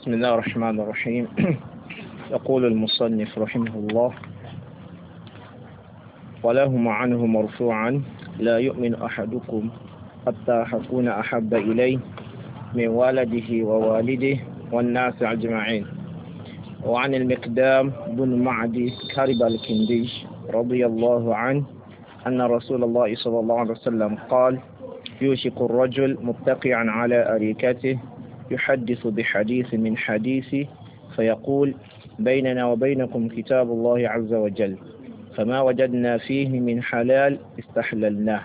بسم الله الرحمن الرحيم يقول المصنف رحمه الله ولهم عنه مرفوعا لا يؤمن أحدكم حتى حكون أحب إليه من والده ووالده والناس أجمعين وعن المقدام بن معدي كرب الكندي رضي الله عنه أن رسول الله صلى الله عليه وسلم قال يوشك الرجل متقعا على أريكته يحدث بحديث من حديثه فيقول بيننا وبينكم كتاب الله عز وجل فما وجدنا فيه من حلال استحللناه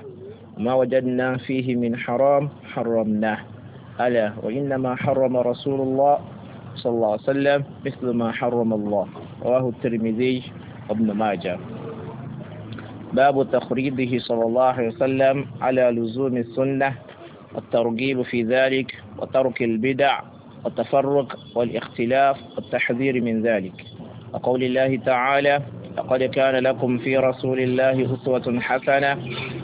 ما وجدنا فيه من حرام حرمناه ألا وإنما حرم رسول الله صلى الله عليه وسلم مثل ما حرم الله رواه الترمذي وابن ماجه باب تخريبه صلى الله عليه وسلم على لزوم السنة الترغيب في ذلك وترك البدع والتفرق والاختلاف والتحذير من ذلك وقول الله تعالى لقد كان لكم في رسول الله أسوة حسنة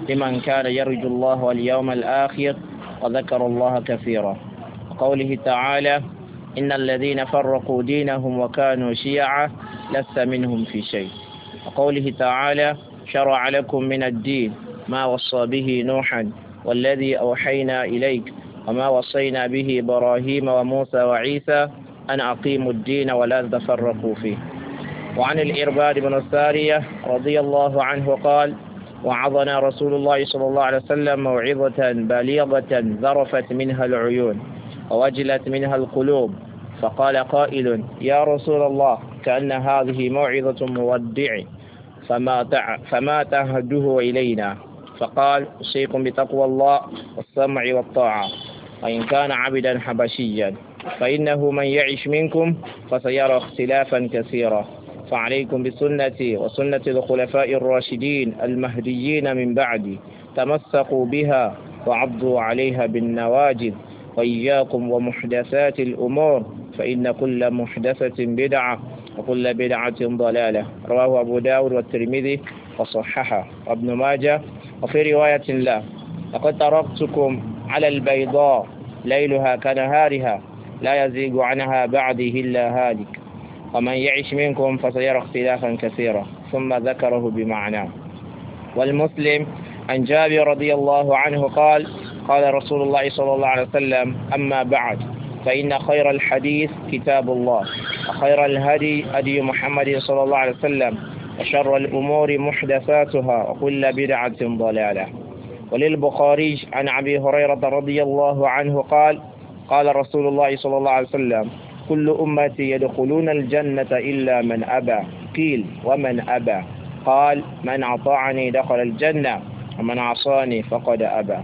لمن كان يرجو الله واليوم الآخر وذكر الله كثيرا وقوله تعالى إن الذين فرقوا دينهم وكانوا شيعا لست منهم في شيء وقوله تعالى شرع لكم من الدين ما وصى به نوحا والذي أوحينا إليك وما وصينا به إبراهيم وموسى وعيسى أن أقيموا الدين ولا تفرقوا فيه وعن الإرباد بن السارية رضي الله عنه قال وعظنا رسول الله صلى الله عليه وسلم موعظة بليغة ذرفت منها العيون ووجلت منها القلوب فقال قائل يا رسول الله كأن هذه موعظة مودع فما فما تهده إلينا فقال أوصيكم بتقوى الله والسمع والطاعة وإن كان عبدا حبشيا فإنه من يعش منكم فسيرى اختلافا كثيرا فعليكم بسنتي وسنة الخلفاء الراشدين المهديين من بعدي تمسكوا بها وعضوا عليها بالنواجذ وإياكم ومحدثات الأمور فإن كل محدثة بدعة وكل بدعة ضلالة رواه أبو داود والترمذي وصححه وابن ماجه وفي رواية له لقد تركتكم على البيضاء ليلها كنهارها لا يزيغ عنها بعده إلا هالك ومن يعش منكم فسيرى اختلافا كثيرا ثم ذكره بمعناه والمسلم عن جابر رضي الله عنه قال قال رسول الله صلى الله عليه وسلم أما بعد فإن خير الحديث كتاب الله وخير الهدي هدي محمد صلى الله عليه وسلم وشر الأمور محدثاتها وكل بدعة ضلالة وللبخاري عن أبي هريرة رضي الله عنه قال قال رسول الله صلى الله عليه وسلم كل أمتي يدخلون الجنة إلا من أبى قيل ومن أبى قال من أطاعني دخل الجنة ومن عصاني فقد أبى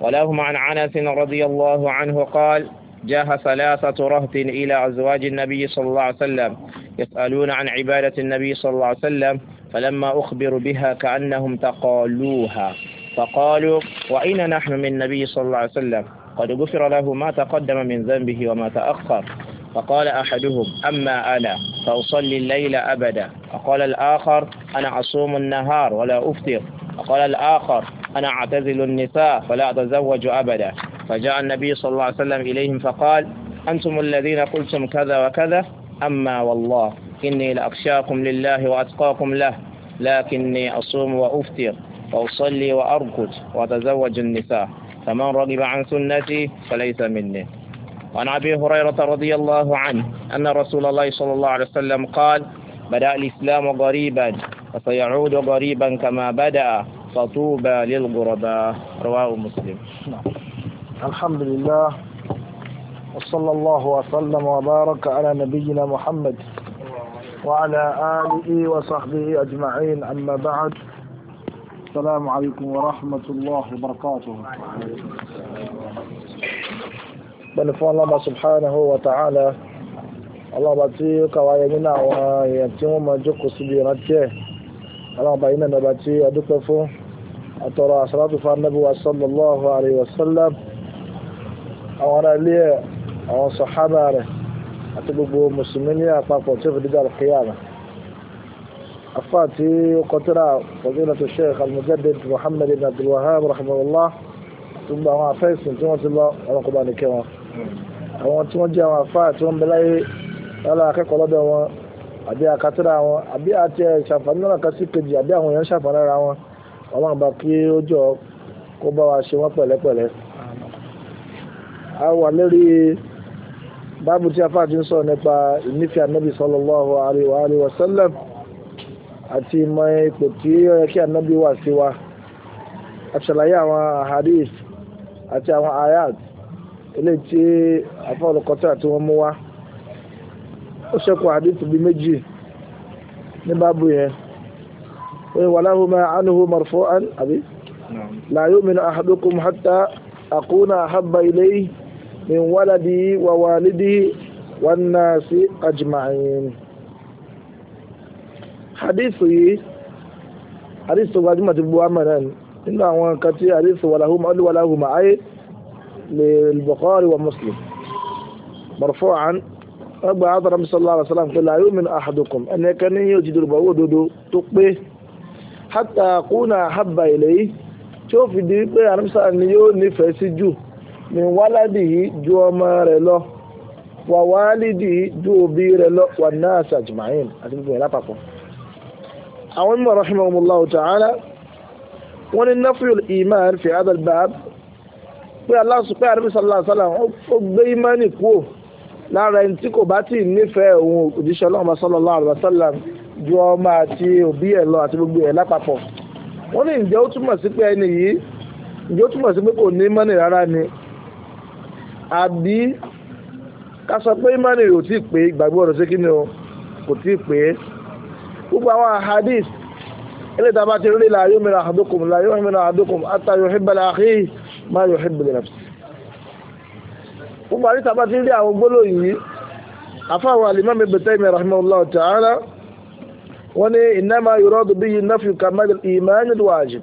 ولهم عن عنس رضي الله عنه قال جاه ثلاثة رهط إلى أزواج النبي صلى الله عليه وسلم يسألون عن عبادة النبي صلى الله عليه وسلم فلما أخبر بها كأنهم تقالوها فقالوا وإن نحن من النبي صلى الله عليه وسلم قد غفر له ما تقدم من ذنبه وما تأخر فقال أحدهم أما أنا فأصلي الليل أبدا فقال الآخر أنا أصوم النهار ولا أفطر وقال الآخر أنا أعتزل النساء فلا أتزوج أبدا فجاء النبي صلى الله عليه وسلم إليهم فقال أنتم الذين قلتم كذا وكذا أما والله إني لأخشاكم لله وأتقاكم له لكني أصوم وأفطر وأصلي وأركض وأتزوج النساء فمن رغب عن سنتي فليس مني وعن أبي هريرة رضي الله عنه أن رسول الله صلى الله عليه وسلم قال بدأ الإسلام غريبا وسيعود غريبا كما بدأ فطوبى للغرباء رواه مسلم الحمد لله وصلى الله وسلم وبارك على نبينا محمد وعلى آله وصحبه أجمعين أما بعد السلام عليكم ورحمة الله وبركاته بنفع الله سبحانه وتعالى الله باتي كوايينا ويتيم ما جوكو سبيراتي الله باينا نباتي أدوكفو أترى صلاة فالنبي صلى الله عليه وسلم أولا ليه أو صحابة أتبقوا مسلمين أطاقوا تفضل القيامة أفاتي وقتنا فضيلة الشيخ المجدد محمد بن عبد الوهاب رحمه الله ثم هو فيس ثم الله رقم أنا كما àwọn tí wọ́n jẹ́ àwọn àfáà tí wọ́n bẹ láyé lọ́la akẹ́kọ̀ọ́ lọ́dọ̀ wọn àbí àkátúrà wọn àbí àti ṣàǹfààní lọ́nà kan sí kejì àbí àwọn èèyàn ṣàǹfààní ara wọn ọlọ́run bá kí ó jọ kó bá wa ṣe wọ́n pẹ̀lẹ́pẹ̀lẹ́. a wà lórí báàbù tí afáà ti ń sọ̀rọ̀ nípa ìnífẹ̀ẹ́ anábì sallallahu alaihi wa sallam àti ìmọ̀ ipò tí ó yẹ kí ànábì wà sí wa àṣàlàyé àwọn ahadith àti àwọn ayat ilé tí àfọlùkọtà tí wọ́n mú wá ó ṣẹ́kù hadith bíi méjì ní báàbù yẹn wọ́n wà láhùn máa ánúhùn marfu'an àbí la yu'minu ahadukum hatta akuna ahabba ilayhi min waladihi wa walidihi wan nasi ajma'in hadith yìí hadith tó gbajúmọ̀ ti buwa mọ̀ náà nínú àwọn nǹkan tí hadith wàláhùmá olúwàláhùmá ayé lè Bukhari wa Muslim marfu'an wọ́n gba àtàrà sallallahu alaihi wasallam pé la yu'min ahadukum ẹni kan ní yóò ti dùrùbọ̀ owó dodo tó pé hatta kuna habba ilayhi tí ó fi di pé àrùmísà ni yóò nífẹ̀ẹ́ sí jù ní wáládì yìí ju ọmọ rẹ̀ lọ wà wálídì yìí ju òbí rẹ̀ lọ wà náà sàjùmáyìn àti gbogbo ìlà papọ̀ àwọn mímọ̀ rahimahumullahu ta'ala wọ́n ní nafiyul iman fi hadha al-bab pé aláṣù pé àrẹ́bí sàlásàlá ó gbé imani kúò lára ẹni tí kò bá tí ì nífẹ̀ẹ́ òun òjíṣẹ́ ọlọ́run sallallahu alaihi wasallam ju ọmọ àti òbí ẹ̀ lọ àti gbogbo ẹ̀ àbí ká pé imani ò tí pé ìgbàgbọ́ rẹ̀ sí kí ni o kò tí pé gbogbo àwọn hadith ilé ìta bá ti rí la yóò mìíràn àdókùn la yóò mìíràn àdókùn ata yóò hìbà láàkì máa yóò hìbà lè nàfsì. gbogbo àrí ìta bá ti rí àwọn gbólóò yìí afáwọn alimami bẹ̀tẹ̀ mi rahimahullah ta'ala wọ́n ní ìnáma yuradu bí nafi kamal iman wajib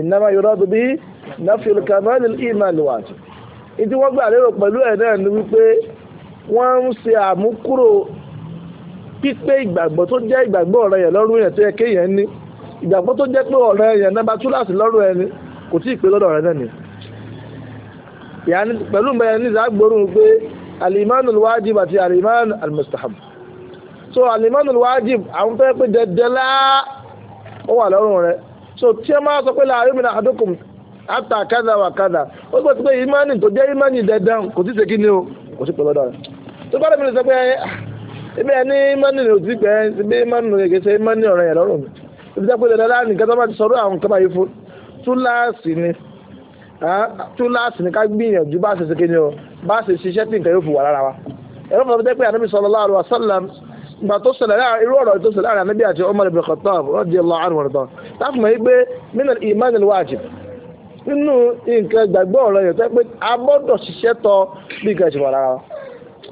ìnáma yuradu bí nafi kamal iman wajib. ìdí wọ́n gbà lérò pẹ̀lú ẹ̀ náà ni wípé wọ́n ń ṣe àmúkúrò pípé ìgbàgbọ́ tó jẹ́ ìgbàgbọ́ ọ̀rẹ́ yẹn lọ́rùn yẹn tó yẹ kéèyàn ní ìgbàgbọ́ tó jẹ́ pé ọ̀rẹ́ yẹn náà bá túláàsì lọ́rùn ẹni kò tí ì pé lọ́dọ̀ ọ̀rẹ́ náà ni. pẹ̀lú mẹ́rin ní ìsàgbórun pé alimanu wajib àti alimanu almustahab so alimanu wajib àwọn fẹ́ pé dẹdẹlá ó wà lọ́rùn rẹ so tí ẹ máa sọ pé láàrin mi náà àdókùn àtà kádà wà kádà ó gbọ́dọ̀ pé imani tó jẹ́ imani dandan kò tí ì ṣe kí ni o kò sí pé lọ́dọ̀ rẹ tó bá dẹ̀ mi lè sọ pé ẹ ah, ibi ẹni mọ́nì ní òtí gbẹ́ ibi mọ́nì gẹ́gẹ́ ṣe mọ́nì ọ̀rọ̀ yẹn lọ́rùn mi ibi tẹ́ pé dandan láàrin nǹkan tó bá ti sọ̀rọ̀ àwọn nǹkan báyìí fún túláàsì ni túláàsì ni ká gbìyànjú bá ṣe ṣe kíni o bá ṣe ṣiṣẹ́ tí nǹkan yóò fi wà lára wa ẹ̀rọ fún mi tẹ́ pé ànábì sallallahu alaihi wasallam ìgbà tó ṣẹlẹ̀ irú ọ̀rọ̀ tó ṣẹlẹ̀ láàrin ànábì àti Umar ibn Khattab radiyallahu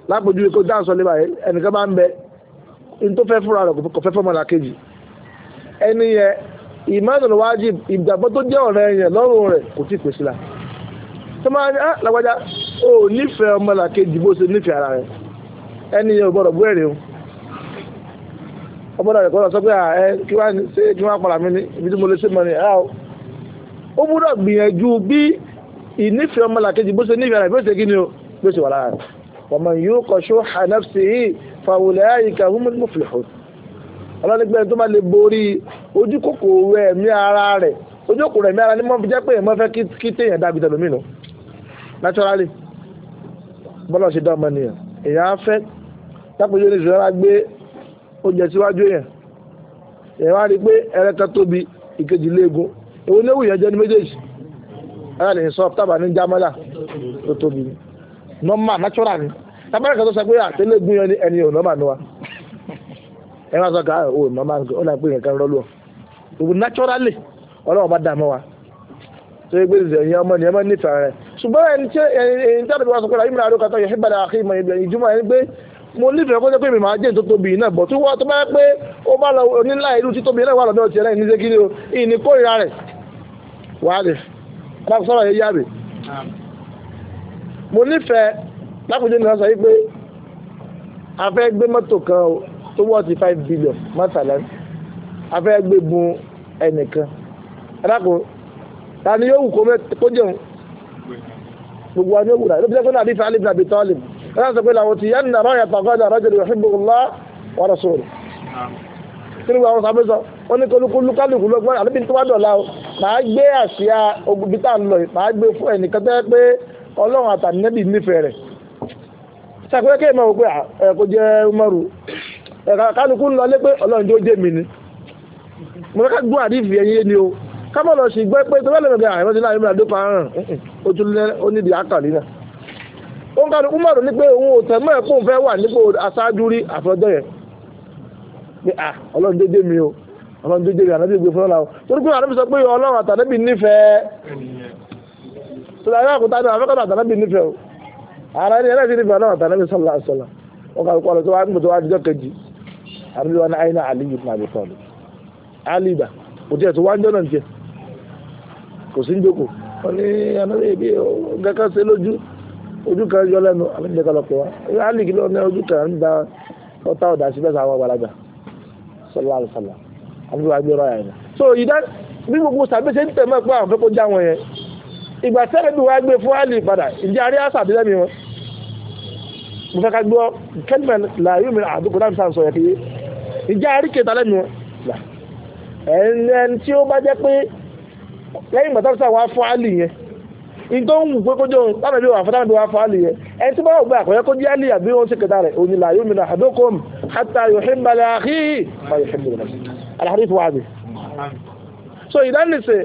lápòjú ikú dáhùn sọ lébà yìí ẹnìkan bá ń bẹ n tó fẹ́ fúnra rẹ̀ kò fẹ́ fọmọ làkejì ẹni yẹn ìmọ̀nà wájib ìgbàgbọ́ tó jẹ́ ọ̀rẹ́ yẹn lọ́rùn rẹ̀ kò tí ì pèsè la tó máa ní ah, lágbájá ó nífẹ̀ẹ́ ọmọ làkejì bó ṣe nífẹ̀ẹ́ ara rẹ̀ ẹni yẹn ò gbọ́dọ̀ bú ẹ̀rẹ̀ o ọgbọ́dọ̀ rẹ̀ gbọ́dọ̀ sọ pé ah, ẹ kí wá ṣe kí wá padà mí ní ibi tí mo lè ṣe mọ́ ni ẹ ah, o ó gbọ́dọ̀ gbìyànjú bí ìnífẹ̀ẹ́ ọmọ làkejì bó ṣe nífẹ̀ẹ́ ara rẹ̀ bó ṣe kí ni o bó ṣe wà lára rẹ̀ ومن يوق شح نفسه فأولئك هم المفلحون ọlọ́ni gbẹ́ni tó máa lè borí ojú kòkòrò ẹ̀mí ara rẹ̀ ojú kòkòrò ẹ̀mí ara ni wọ́n fi jẹ́ pé èèmọ́ fẹ́ kí téèyàn dábì tẹ̀lé mí nù naturally bọ́lá ṣe dá ọmọ nìyẹn èèyàn á fẹ́ lápòjọ́ ní ìṣúná gbé oúnjẹ síwájú èèyàn èèyàn wá rí i pé ẹrẹ́ka tóbi ìkejì léegun èwo ni ó wù yẹn jẹ́ ní méjèèjì ara lè sọ tábà ní jámọ́là tó tóbi ni. Normal, natural ni tábàrà kan tó sọ pé àtẹlẹ ah, gún yẹn ẹni ò nọ́mà nù wa ẹ máa sọ ká ah, ò nọ́mà ó náà pé nǹkan rọ́lù ọ̀ naturally ọlọ́wọ́ bá dààmú wa tó yẹ pé ìṣẹ̀ ẹ̀yin ọmọ ni ẹ máa nífẹ̀ẹ́ rẹ̀ ṣùgbọ́n ẹni tí ẹni tí àdúgbò wa sọ pé ìmìnira àdúgbò kan yẹ bàdà àkè ìmọ̀ ìbẹ̀rẹ̀ ìjùmọ̀ ẹni pé mo nífẹ̀ẹ́ kó jẹ́ pé mi máa jẹ́ ìtótóbi náà bọ̀ tí wọ́n tó bá pé ó bá lọ onílà ìlú títóbi náà wà lọ́dọ̀ tiẹ̀ náà ìníṣẹ́ kí ni o ìní kórìíra rẹ̀ wàá rẹ̀ bá yẹ yá mo nífẹ̀ẹ́ lákòójú ní wọ́n sọ wípé a fẹ́ gbé mọ́tò kan tó wọ́ ti five billion mọ́tàlá a fẹ́ gbé bùn ẹnìkan ẹ̀dàkó ta ni yóò wù kó jẹun gbogbo wa ni ó wù rà ló fi jẹ́ pé náà àdìsá alif nàbí tọ́lì ẹ̀dà sọ pé làwọn ti yẹn nà rọ́ọ̀yà tàgọ́dà rajul yuhibbullah wa rasuluhu kiri wa ọsàn abẹ́sọ wọn ní kọlùkọlù kálùkù lọ́gbọ́n àbíbi tí wọ́n dọ̀la o màá gbé àsíá ogun bíi tá à lọ yìí màá gbé fún ẹnìkan tẹ́ pé ọlọ́run àtànẹ́bì nífẹ̀ẹ́ rẹ̀ sàkóyẹ́kẹ́ ìmọ̀ òpé ẹ̀kọ́ jẹ́ Umaru kálukú ń lọ lé pé ọlọ́run jó jẹ́ mi ni gún àdífì ẹ̀yìn ni o pé o tún lẹ́ àkàlí náà mọ̀rọ̀ ní pé òun ò tẹ̀ mọ́ fẹ́ wà nípò aṣáájú rí yẹn pé ọlọ́run mi sọlá ẹ̀rọ àkútà ni àfẹ́kọ̀tà àtàlábì nífẹ̀ẹ́ o ara ẹni ẹlẹ́sì nífẹ̀ẹ́ náà àtàlábì sọlá sọlá wọn kà kọ́ ọ tó wá ń gbèsè wá jọ kejì àbí wọn àyìn náà àlíyù náà àbí fọlù àlìbà kò tiẹ̀ tó wá ń jọ́nà tiẹ̀ kò sí ń jókò wọn ní anáwó ibi gẹ́gẹ́ sí lójú ojú kan yọ lẹ́nu so ìdá bí gbogbo sàbẹ̀sẹ̀ ń tẹ̀ mọ́ ìgbà sẹ́rẹ̀ bí wọ́n gbé fún àlè padà ìjẹ́ àrí àṣà àti lẹ́mí wọn mo fẹ́ ká gbọ́ kẹ́lìmẹ̀ làyò mi àdúgbò láti sàn sọ yẹ kéye ìjẹ́ àrí kẹta lẹ́mí wọn ẹ̀ẹ́n tí ó bá jẹ́ pé lẹ́yìn ìgbà sáà wá fún àlè yẹn in tó ń wù pé kójó tánà bí wà fún tánà bí wà fún àlè yẹn ẹni tí wọ́n gbé àkọ́yẹ́ kó jẹ́ àlè àbí wọ́n ṣe kẹta rẹ̀ òní làyò mi àdókòm hatta yuhibba li akhihi fa yuhibbu li nafsihi al-hadith wa'd so ìdánilẹ̀sẹ̀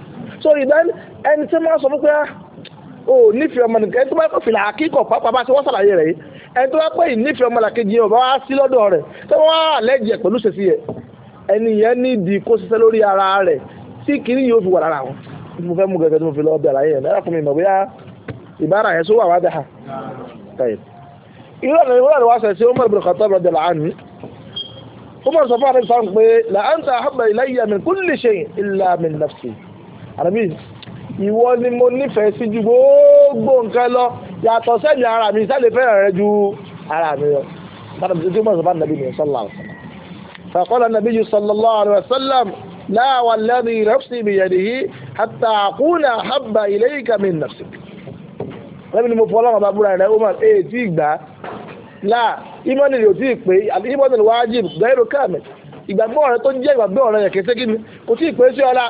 sorry then ẹni tí wọ́n sọ fún pé ó ah, nífẹ̀ẹ́ ọmọ nìkan ẹni tó bá kọ́ fìlà àkíkọ̀ pàápàá bá ti wọ́n sàlàyé rẹ̀ yìí ẹni tó bá pẹ́ ìnífẹ̀ẹ́ ọmọ làkejì ọba wá sí lọ́dọ̀ rẹ̀ tó wọ́n wá lẹ́jẹ̀ pẹ̀lú ṣèṣì yẹ ẹni yẹn ní ìdí kó ṣiṣẹ́ lórí ara rẹ̀ tí kìíní yóò fi wà lára wọn tí mo fẹ́ mú gẹ́gẹ́ tí mo fi lọ́ọ́ bí àlàyé yẹn náírà fún mi mọ̀ bóyá ìbára yẹn sọ wà wá dáhà. irú ọ̀nà ìwúrọ̀ wa sẹ̀ sí Umar bin Khattab radiyallahu anhu Umar sọ fún àdébísàn pé la'anta ahabba ilayya min kulli shay'in illa min nafsi àrẹ́bí ìwọ ni mo nífẹ̀ẹ́ sí ju gbogbo nǹkan lọ yàtọ̀ sẹ́mi ara mi sẹ́lẹ̀ fẹ́ràn rẹ ju ara mi lọ bàtà bí tó mọ̀ sọ bá nàbí mi sọ́lá fàkọ́lá nàbí yìí sallallahu alaihi wasallam la walladhi nafsi biyadihi hatta akuna habba ilayka min nafsik lẹ́bi ni mo fọ́ ọlọ́run bá búra ó máa ẹ̀ tí ì láà ìmọ̀nì rẹ̀ ò tí ì pé ìmọ̀nì rẹ̀ wájib gẹ́rù káàmì ìgbàgbọ́ tó jẹ́ ìgbàgbọ́ rẹ̀ yẹ̀kẹ́ sí kí ni kò tí ì pé sí ọlá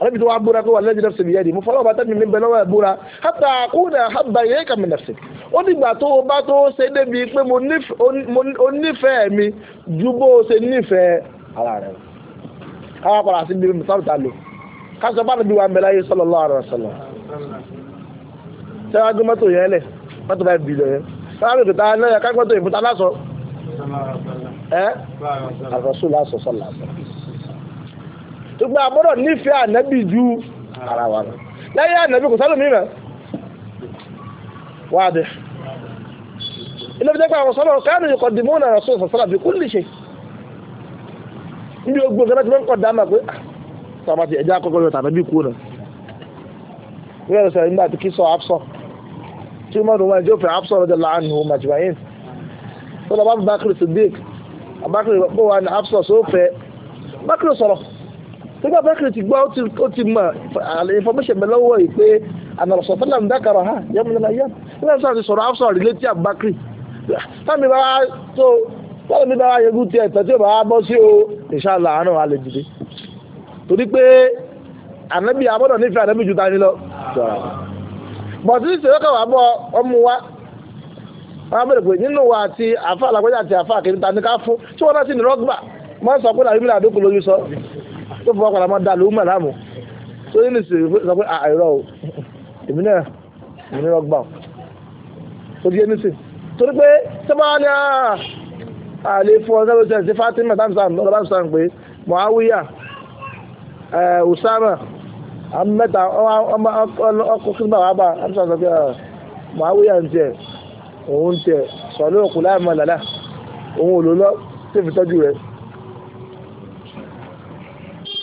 alábi tó wá búra kó wà lẹ́jọ́ nafsi bi yadi mo fọlọ́ bá tẹ́mi mi bẹ̀rẹ̀ wà búra hatta akuna habba ilayka min nafsi ó dìgbà tó o bá tó o ṣe débi pé mo nífẹ̀ẹ́ mi ju bó o ṣe nífẹ̀ẹ́ ara rẹ̀ káwá padà sí ibi mùsàlù tá a lò kásọ bá nàbí wa mẹ́lá yé sallallahu alaihi wasallam sẹ́wọ́n agbé mọ́tò yẹn lẹ̀ mọ́tò bá bì lọ yẹn sẹ́wọ́n agbé tá a lọ́yà ká mọ́tò ìfúta lásọ ẹ́ àrọ̀sùn lásọ sọ́lá sọ́lá tó gba àbúrò nífẹ̀ẹ́ ànábì ju ara wa lọ lẹ́yìn ànábì kò sálòmí rẹ̀ wá dé ilé ìjọba pé àwọn sọ́nà káàdì yìí kọ́ dìbò náà rẹ̀ sọ́nà sọ́nà bí kú lè ṣe níbi ogbó gẹ́gẹ́ tí wọ́n ń kọ́ dáná pé sọ́nà ah, ti ẹ̀jẹ̀ akọ́kọ́ yóò tàbí bí kú náà wíwẹ̀ lọ sọ̀rọ̀ nígbà tí kí sọ àpsọ̀ tí wọ́n rún wọn ẹ̀jẹ̀ òfin àpsọ̀ rẹ̀ láàánú màjìmáyìn sọ́nà bá bá kiri Siddiq abakiri bó wà ní àpsọ̀ sófẹ́ bákiri sọ̀rọ̀ sọ́gbà bákìrì ti gbọ́ ó ti mọ̀ information bẹ lọ́wọ́ yìí pé ànàrọ̀sọ̀ fẹ́lẹ̀ ń dákàrọ̀ ha yẹ́mu lọ́la yẹ́mu lọ́la sọ̀rọ̀ ti sọ̀rọ̀ afsọ̀ rìlẹ́tì àbákìrì táàmì bá tó wọ́n mi bá yẹgu tiẹ̀ tẹ̀tí ò bá bọ́ sí o inshallah àánú wa lè dìde torí pé ànábì abọ́dọ̀ nífẹ̀ẹ́ ànábì ju tani lọ. bọ̀dé ti sèwéka wà bọ̀ ọmú wa wọ́n á bẹ̀rẹ̀ pé nínú wa àti àfa àlàgbẹ́jà àti àfa àkèrè tani ká fún tí wọ́n náà sì ní rọ́gbà mọ́ sọ pé làbí mi làdókòó lójú sọ tó fọwọ́ padà máa da lóhùn mẹ́ta mú tó yín nìsí sọ pé àìrọ̀ o èmi náà èmi náà o ó di ẹni sè torí pé sábà ní àlè fún ọ̀sán lóṣù ẹ̀sìn Fatima tamsan lọ́dọ̀ tamsan pé Muawiya Usama mẹ́ta ọkọ̀ kíkọ́ wà bá tamsan sọ pé Muawiya ń tiẹ̀ òun ń tiẹ̀ sọ̀rọ̀ òkú láì mọ̀ lálá òun ò lò lọ́ sí ìfitọ́jú rẹ̀.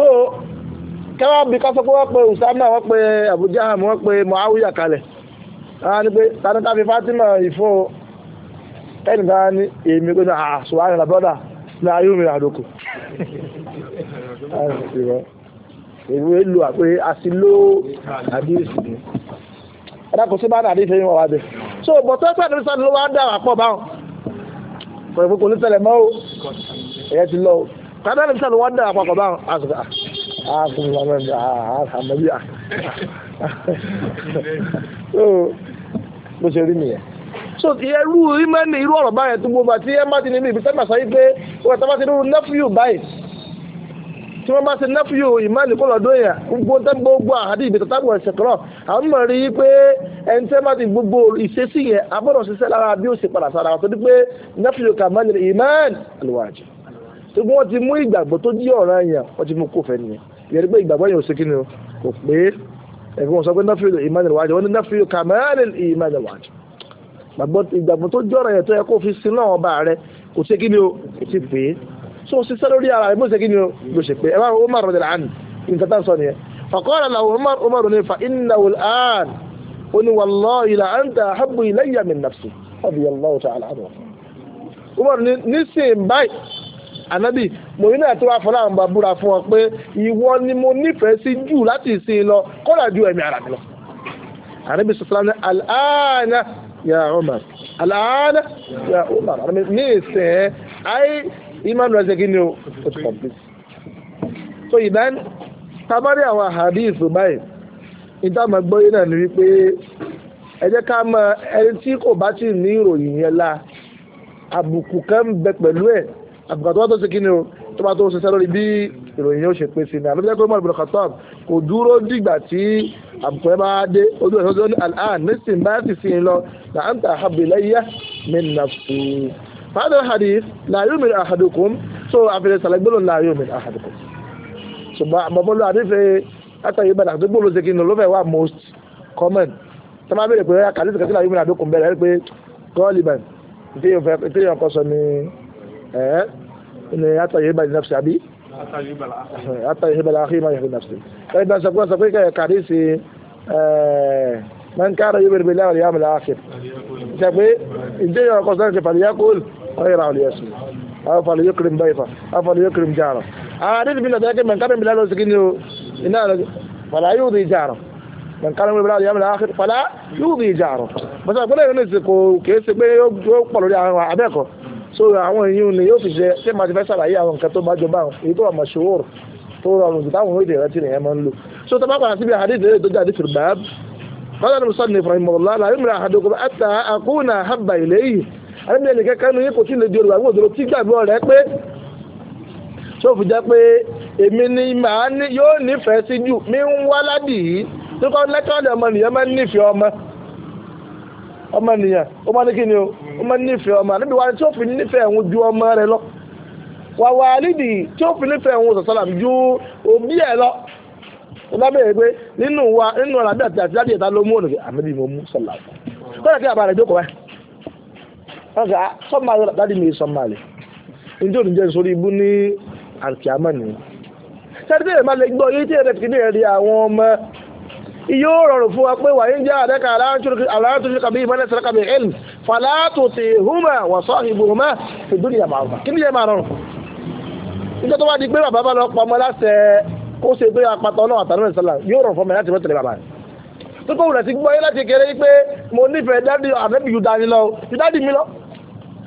so kẹwàá bí kásọ pé wọ́n pe Usama wọ́n pe Abu Jaham wọ́n pe Muawiya kalẹ̀ wọ́n ní pé tani ká fi Fatima ìfọ́ ẹnì kan ní èmi pé náà àṣùwárẹ̀ ah, la brọ́dà náà yóò mi àdókò ìwé lu àpé àsìlò so bọ̀tọ́ pẹ̀lú sọ́dún ló wá dà wà pọ̀ báwọn pẹ̀lú kò ní tẹ̀lẹ̀ mọ́ o ẹ̀yẹ ti lọ o tàbí ẹni sẹ́ni wọ́n dẹ̀ àpapọ̀ bá àṣùgbà àṣùgbà àṣàmọ́bí à so bó ṣe rí nìyẹn so irú ìmẹ́ni irú ọ̀rọ̀ báyẹn tó gbogbo àti ẹ̀ má ti níbi ìbí tẹ́lẹ̀ sọ yí pé wọ́n tẹ́ bá ti rú nẹ́fíù báyìí tí wọ́n bá ṣe nẹ́fíù ìmọ̀lì kọ́ lọ́dún yẹn gbogbo tẹ́ gbogbo àhàdí ìbí tàbí ìṣẹ̀kọ́rọ̀ àwọn mọ̀ rí pé ẹni tẹ́ bá ti gbogbo ìṣesí yẹn abọ́dọ̀ ṣiṣẹ́ lára bí ó ṣe padà sára tó ní pé nẹ́fíù kàmọ́lì ìmọ̀lì alùwàjì ṣùgbọ́n wọ́n ti mú ìgbàgbọ́ tó jí ọ̀ràn èèyàn wọ́n ti mú kó fẹ́ nìyẹn ìyẹn ni pé ìgbàgbọ́ yẹn ò ṣe kíni o kò pé ẹ̀fọ́ wọn sọ pé náfíìlì ìmánìlì wájú wọn ní náfíìlì kàmáàlì ìmánìlì wájú ìgbàgbọ́ tó jí ọ̀ràn yẹn tó yẹ kó fi sin náà ọba rẹ kò ṣe kíni o kò ti pè so ó ṣiṣẹ́ ara rẹ bó ṣe kíni o ló ṣe pé ẹ wá Umar rọ̀dẹ̀ láàánú nǹkan tá à ń sọ nìyẹn faqala lahu Umar Umar ní fa innahu al-an ó ní wallahi la anta ahabbu ilayya min nafsi radiyallahu ta'ala anhu Umar ní nísìnyí ànábì mòyínà tó wá fọlá àwọn bàbúrà fún ọ pé ìwọ ni mo nífẹ̀ẹ́ sí jù láti ìsìn lọ kọ́lá ju ẹ̀mí ara mi lọ ànábì sọ̀tàn ní àlàáná ya Umar àlàáná ya Umar ànábì ní ìsìn ẹ̀ ayé imanu ẹsẹ̀ kí ni o ó ti complete. so ìdán tabari àwọn hadith báyìí ìdáàmú ẹgbẹ́ yìí náà ni wípé ẹ jẹ́ ká mọ ẹni tí kò bá ti ní ìròyìn yẹn la àbùkù kan ń bẹ pẹ̀lú ẹ̀ àbùkà tó wá tó ṣe kíni o tó bá tó ṣiṣẹ́ lórí bí ìròyìn yóò ṣe pé sí ni àlọ́ bíjẹ́ pé Umar bin Khattab kò dúró dìgbà tí àbùkù ẹ bá dé ojú ẹ̀ sọ́jọ́ ní alhan nísìn bá sì sí lọ là ń ta àbí lẹ́yà min nafsi. fàdé hadith la yu'min ahadukum so àfihàn sàlẹ̀ gbọ́dọ̀ la yu'min ahadukum. ṣùgbọ́n àbọ̀bọ́lọ́ àdífẹ́ látàrí ìbàdàn àti gbọ́dọ̀ ṣe kíni ló fẹ́ wà most ها إيه؟ ان طيبه لنفسي ابي الطيبه الاخي إيه، طيب ما يحب نفسه فاذا سبقوا سبقك كاريسي إيه، من كان يؤمن بالله واليوم الاخر سبقوا الدنيا وقصدك خير على وليسمع او فليكرم ضيفه او فليكرم جاره عارف بالله لكن من كان بالله وسكنه فلا يوضي جاره من كان يؤمن بالله واليوم الاخر فلا يوضي جاره بس اقول لك kìí ṣe pé yóò pọ̀ lórí àwọn so àwọn èèyàn ni yóò fi ṣe ṣé màá ti fẹ́ ṣàlàyé àwọn nǹkan tó bá jọba àwọn èyí tó wà mọ̀ṣúwòrò tó rọrùn jù táwọn òde ìrántí nìyẹn máa ń lò so tó bá padà síbi àdéhùn eré tó jáde fìrì bá bàbá ní musa ní ibrahim ọlọlá àlàyé mìíràn àdókò àtà àkúnà àbà ilé yìí àdébìyàn tí di olùwà àwọn òdòdó tí gbàgbọ́ rẹ pé tó fi jẹ́ pé èmi ni màá yóò nífẹ̀ẹ́ sí jù mí ń wá ládìí tó kọ́ ọmọ nìyẹn máa ń nífẹ̀ẹ́ ọmọ ọmọ nìyẹn ó máa ní kí ni o ó máa nífẹ̀ẹ́ ọmọ níbi wa tí ó fi nífẹ̀ẹ́ òun ju ọmọ rẹ lọ wà wà nídìí tí ó fi nífẹ̀ẹ́ òun sọ̀sọ́là ju òbí ẹ̀ lọ ó bá bẹ̀rẹ̀ pé nínú wa nínú ọ̀rọ̀ àbí àti àti ìta ló mú òun àmì mo mú sọ̀là kọ́lá kí àbá jókòó ẹ̀ wọ́n sọ ah, sọ́mà rẹ̀ dádì mi sọ́mà rẹ̀ njẹ́ òun jẹ́ sórí ibú ní àkìámọ̀ nìyẹn sẹ́ni yóò rọrùn fún wa pé wàyí jẹ́ àdẹ́ka aláàtúnṣe kàbí ìmọ̀lẹ́ sẹ́rẹ́ kàbí ilm fàlátù ti húmà wà sọ ìbò húmà ìdúró ìyàmà ọ̀fà kí ni yẹn máa rọrùn fún. nígbà tó bá di pé bàbá bá lọ pa ọmọ láṣẹ kó ṣe pé apata ọlọ́wà tàbí ọ̀rẹ́ sọ́là yóò rọrùn fún mi láti mọ́tẹ̀lẹ̀ bàbá tó kọ́ wùrẹ̀ sí gbọ́ yé láti kéré pé mo nífẹ̀ẹ́ dádì àdẹ́bì yù dání lọ yù dádì mi lọ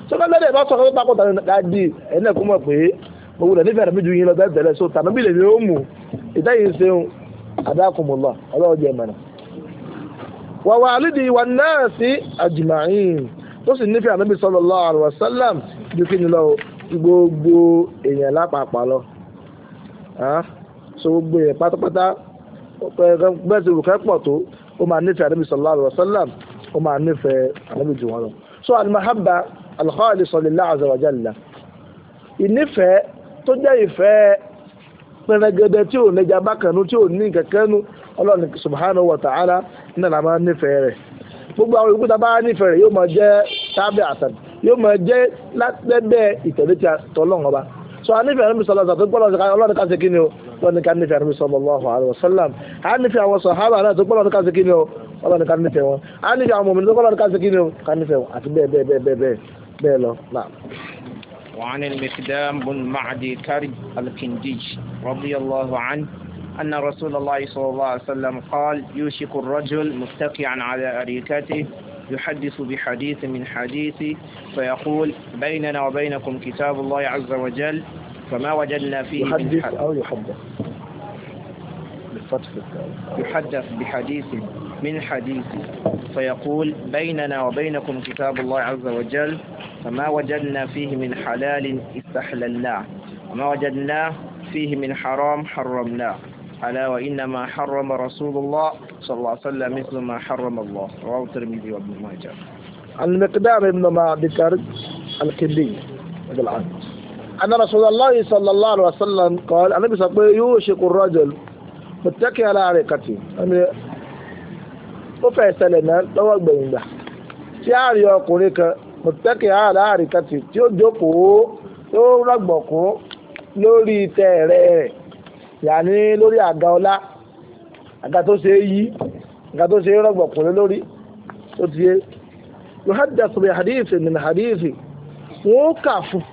sọ́kọ́ lẹ́dẹ̀ bá sọ pé pákó tàbí dádì ẹ̀ náà kó mọ̀ pé mo wùrẹ̀ nífẹ̀ẹ́ àdẹ́bì yù yín lọ bẹ́ẹ̀ bẹ̀rẹ̀ so tàbí lè ní ó mú ìdáyìí ṣeun adákùnmọ̀lá ọlọ́run jẹ́ mọ̀nà. wa walidi wan nasi ajma'in tó sì nífẹ̀ẹ́ ànábì sallallahu alaihi wasallam ju kí ni lọ gbogbo èèyàn lápapọ̀ lọ. so gbogbo èèyàn pátápátá bẹ́ẹ̀ ti rùkẹ́ pọ̀ tó ó máa nífẹ̀ẹ́ ànábì sallallahu alaihi wasallam ó máa nífẹ̀ẹ́ ànábì jù wọn lọ. so al-mahabba al-khalisah lillahi azza ìnífẹ̀ẹ́ tó jẹ́ ìfẹ́ pẹrẹgẹdẹ tí ò nẹja bákanú tí ò ní kẹkẹnu ọlọ́run subhanahu wa ta'ala náà la máa nífẹ̀ẹ́ rẹ̀ gbogbo àwọn ìkúta bá nífẹ̀ẹ́ rẹ̀ yóò máa jẹ́ tábì àtàn yóò máa jẹ́ lábẹ́ ìtẹ̀lé ti tọ́lọ́run ọba so a nífẹ̀ẹ́ àrùn sọlá tó gbọ́dọ̀ sí ọlọ́run ká ṣe kí ni o ọlọ́run ká nífẹ̀ẹ́ àrùn sallallahu alaihi wasallam a nífẹ̀ẹ́ àwọn sàhábà náà tó gbọ́dọ̀ ká ṣe kí ni o ọlọ́run ká nífẹ̀ẹ́ wọn a àwọn mọ̀mìnir tó gbọ́dọ̀ ká ṣe kí ni o ká nífẹ̀ẹ́ wọn àti bẹ́ẹ̀ bẹ́ẹ̀ bẹ́ẹ̀ bẹ́ẹ̀ lọ. وعن المقدام معدي كارب الكنديج رضي الله عنه أن رسول الله صلى الله عليه وسلم قال يوشك الرجل متكئا على أريكته يحدث بحديث من حديث فيقول بيننا وبينكم كتاب الله عز وجل فما وجدنا فيه يحدث من حدث أو يحدث يحدث بحديث من حديث فيقول بيننا وبينكم كتاب الله عز وجل فما وجدنا فيه من حلال استحللناه وما وجدناه فيه من حرام حرمناه ألا وإنما حرم رسول الله صلى الله عليه وسلم مثل ما حرم الله رواه الترمذي وابن ماجه المقدار ابن ما ذكر الكلي العام أن رسول الله صلى الله عليه وسلم قال أنا صلى يوشك الرجل متكئ على عريقتي ó fẹ́ سلنا náà lọ́wọ́ gbẹ̀yìngbà tí a rí ọkùnrin kan mọ̀tẹ́kì àárẹ̀ àríkàtì tí ó lórí ìtẹ́ ẹ̀rẹ́ rẹ̀ yàní lórí àga ọlá àga tó ṣe é yí àga tó ṣe é rọ̀gbọ̀kùnrin lórí tó ti yé yuhaddathu bi hadithi min hadithi wọ́n kà fún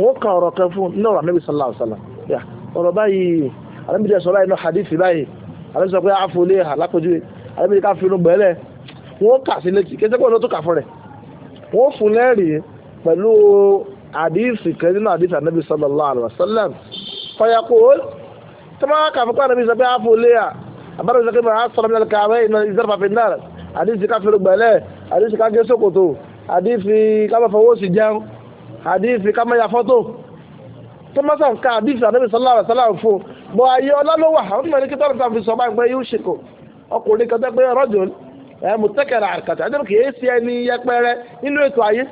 wọ́n kà ọ̀rọ̀ kan fún nínú ọ̀rọ̀ anábì sallallahu alaihi wasallam ọ̀rọ̀ báyìí alábìdí ẹ̀sọ́ báyìí náà hadithi báyìí alábìdí sọ pé àfò lè hà lápòjúwe alábìdí ká fi inú bẹ̀ẹ́lẹ̀ wọ́n kà sí létí kí ẹsẹ̀ pọ̀ ló tó kà fún rẹ̀ wọ́n fún lẹ́rìí pẹ̀lú àdìsí kan nínú àdìsí ànábì sallallahu alaihi wasallam fayakó tí wọ́n kà fún ànábì sọ́bẹ́ àfọ léyà àbára ìsọ́kè mọ̀ àsọ̀rọ̀ mi kà wẹ́ iná ìzẹ́rẹ̀ pàfẹ́ náà àdìsí ká fẹ́rẹ̀ gbẹ̀lẹ́ àdìsí ká gé sókòtò àdìsí ká má fọwọ́ sí jẹun àdìsí ká má fọ́tò tí sàn ká àdìsí ànábì sallallahu alaihi wasallam fún bọ́ ayé ọlọ́lọ́wà àwọn ọmọ ní kíkọ́ nípa fi sọ báyìí pé yóò ṣe kò ọkùnrin kan tẹ́ pé rọ́jò ẹ̀ mùtẹ́kẹ̀rẹ̀ àkàtà ẹ̀dẹ́rù kìí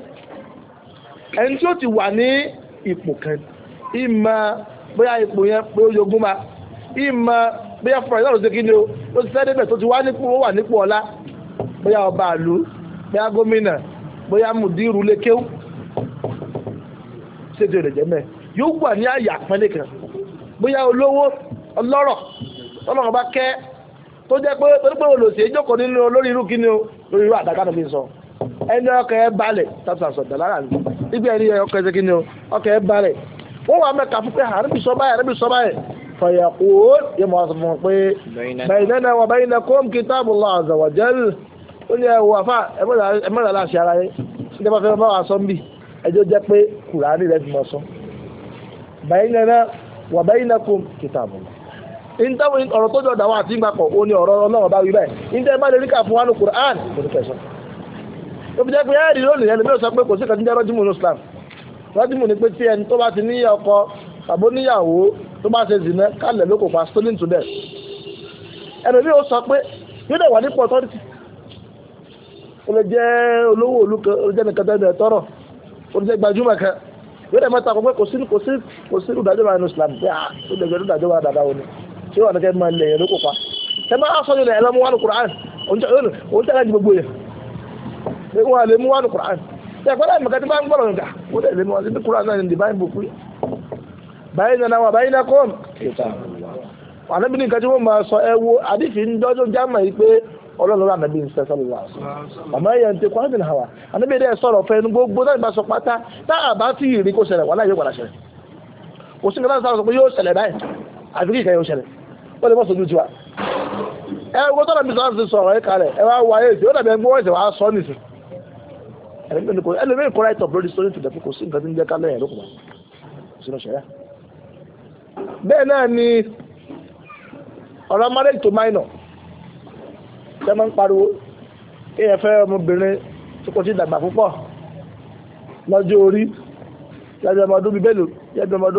ẹni tí ó ti wà ní ipò kan ìmọ̀ bóyá ipò yẹn pé ó yogún ma ìmọ̀ bóyá fúnra ni o ó ti sẹ́dẹ̀ bẹ̀ tó ti wá nípò ó wà nípò bóyá ọba àlú bóyá gómìnà bóyá mùdírù lékéwù ṣètò ìrẹ̀jẹ̀ mẹ́ yóò wà ní kan bóyá olówó ọlọ́rọ̀ ọlọ́rọ̀ bá kẹ́ tó jẹ́ pé pé jókòó nínú olórí irú kí o lórí irú àdáká sọ ẹni ọkọ̀ ẹ balẹ̀ tàbí mi. nígbà ẹni yẹ ọkọ̀ ẹ̀sẹ̀kí ni o ọkọ̀ ẹ̀ balẹ̀ wọ́n wà mẹ́ka fún pé àrẹ́bí sọ báyìí àrẹ́bí sọ báyìí fàyà kó yẹ mọ̀ àṣọ fún wọn pé baynana wa baynakum kitabullah azza wa jal ó ní ẹwà fà ẹmọ́dà láṣẹ ara yẹn ṣíjẹ́ bá fẹ́ bá wà sọ níbi ẹjọ́ jẹ́ pé kùránì rẹ̀ fi mọ̀ sọ baynana wa baynakum kitabullah ìntàwọn ọ̀rọ̀ tó jọ dàwọn àti ìgbàpọ̀ ó ní ọ̀rọ̀ ọlọ́wọ́ bá wí bẹ́ẹ̀ ìntẹ́ bá lè ríkà fún wa kùránì kò ní kẹsàn-án ó fi jẹ́ pé ẹ́ẹ̀rì lónìí ẹni mẹ́rin sọ pé kò sí kan tí ń jẹ́ rọ́jìmù ní Islam rọ́jìmù ni pé tí ẹni tó bá ti ní ọkọ tàbó níyàwó tó bá ṣe zìnà kálẹ̀ ló kò pa stoning to death ẹni mi ò sọ pé yóò dẹ̀ wà nípò authority ó lè jẹ́ olówó olú kan ó lè jẹ́ nìkan tẹ́lẹ̀ tọ́rọ̀ ó lè jẹ́ gbajúmọ̀ kan yóò dẹ̀ mẹ́ta pé kò sí kò sí kò sí ìdájọ́ wa ní Islam pé ah ó lè jẹ́ ìdájọ́ wa dáadáa wọn ni tí ó wà ní kẹ́ wọn àlè mú wánu Quran ẹ̀kọ́lá ìmọ̀ká tí bá ń gbọ́rọ̀ nǹkan ó lè lè mú wánu Quran náà ní divine book báyìí nana wa báyìí náà kọ́ọ̀m kìtà ànábì nǹkan tí wọ́n máa sọ ẹ wo àdìsí ń dọ́jọ́ jámà yìí pé ọlọ́run ọmọ ń ànábì ẹ̀dẹ́ sọ̀rọ̀ fẹ́ nu gbogbo náà ìbá sọ pátá tá a bá kó kò sí pé yóò báyìí àfi kí lè mọ̀ ẹlòmíì kọ́ right up lórí story to the people sí nǹkan tí ń jẹ́ ká lẹ́yìn lókùnrin sínú ṣẹ̀yà. bẹ́ẹ̀ náà ni ọ̀rọ̀ marriage to minor tẹ́ máa ń pariwo èèyàn fẹ́ ọmọbìnrin tí kò sí dàgbà púpọ̀ lọ́jọ́ orí yẹ́dùn ọmọ ọdún bíi bẹ́ẹ̀lù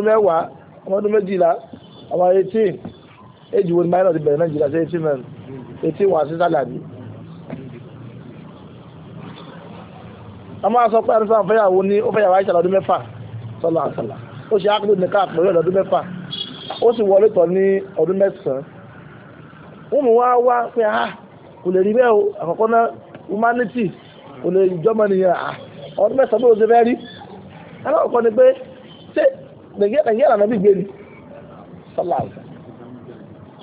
mẹ́wàá ọmọ méjìlá ọmọ eighteen age wo minor ti bẹ̀rẹ̀ Nàìjíríà sí eighteen men eighteen wà sí sálàdì a máa sọ pé àrísà fẹ́yàwó ní ó fẹ́yàwó àìsà lọ́dún mẹ́fà sọ́lá àṣàlà ó ṣe ákùnrin nìkan àpẹẹrẹ lọ́dún mẹ́fà ó sì wọlé tọ̀ ní ọdún mẹ́sàn-án wọ́n mú wá wá pé a ah, kò lè rí bẹ́ẹ̀ o àkọ́kọ́ náà humanity kò lè jọmọ nìyẹn à ah, ọdún mẹ́sàn-án bó ṣe fẹ́ rí alákọ̀ọ́kọ́ ni pé ṣé nàìjíríà lànà bí gbé ni sọ́lá àṣà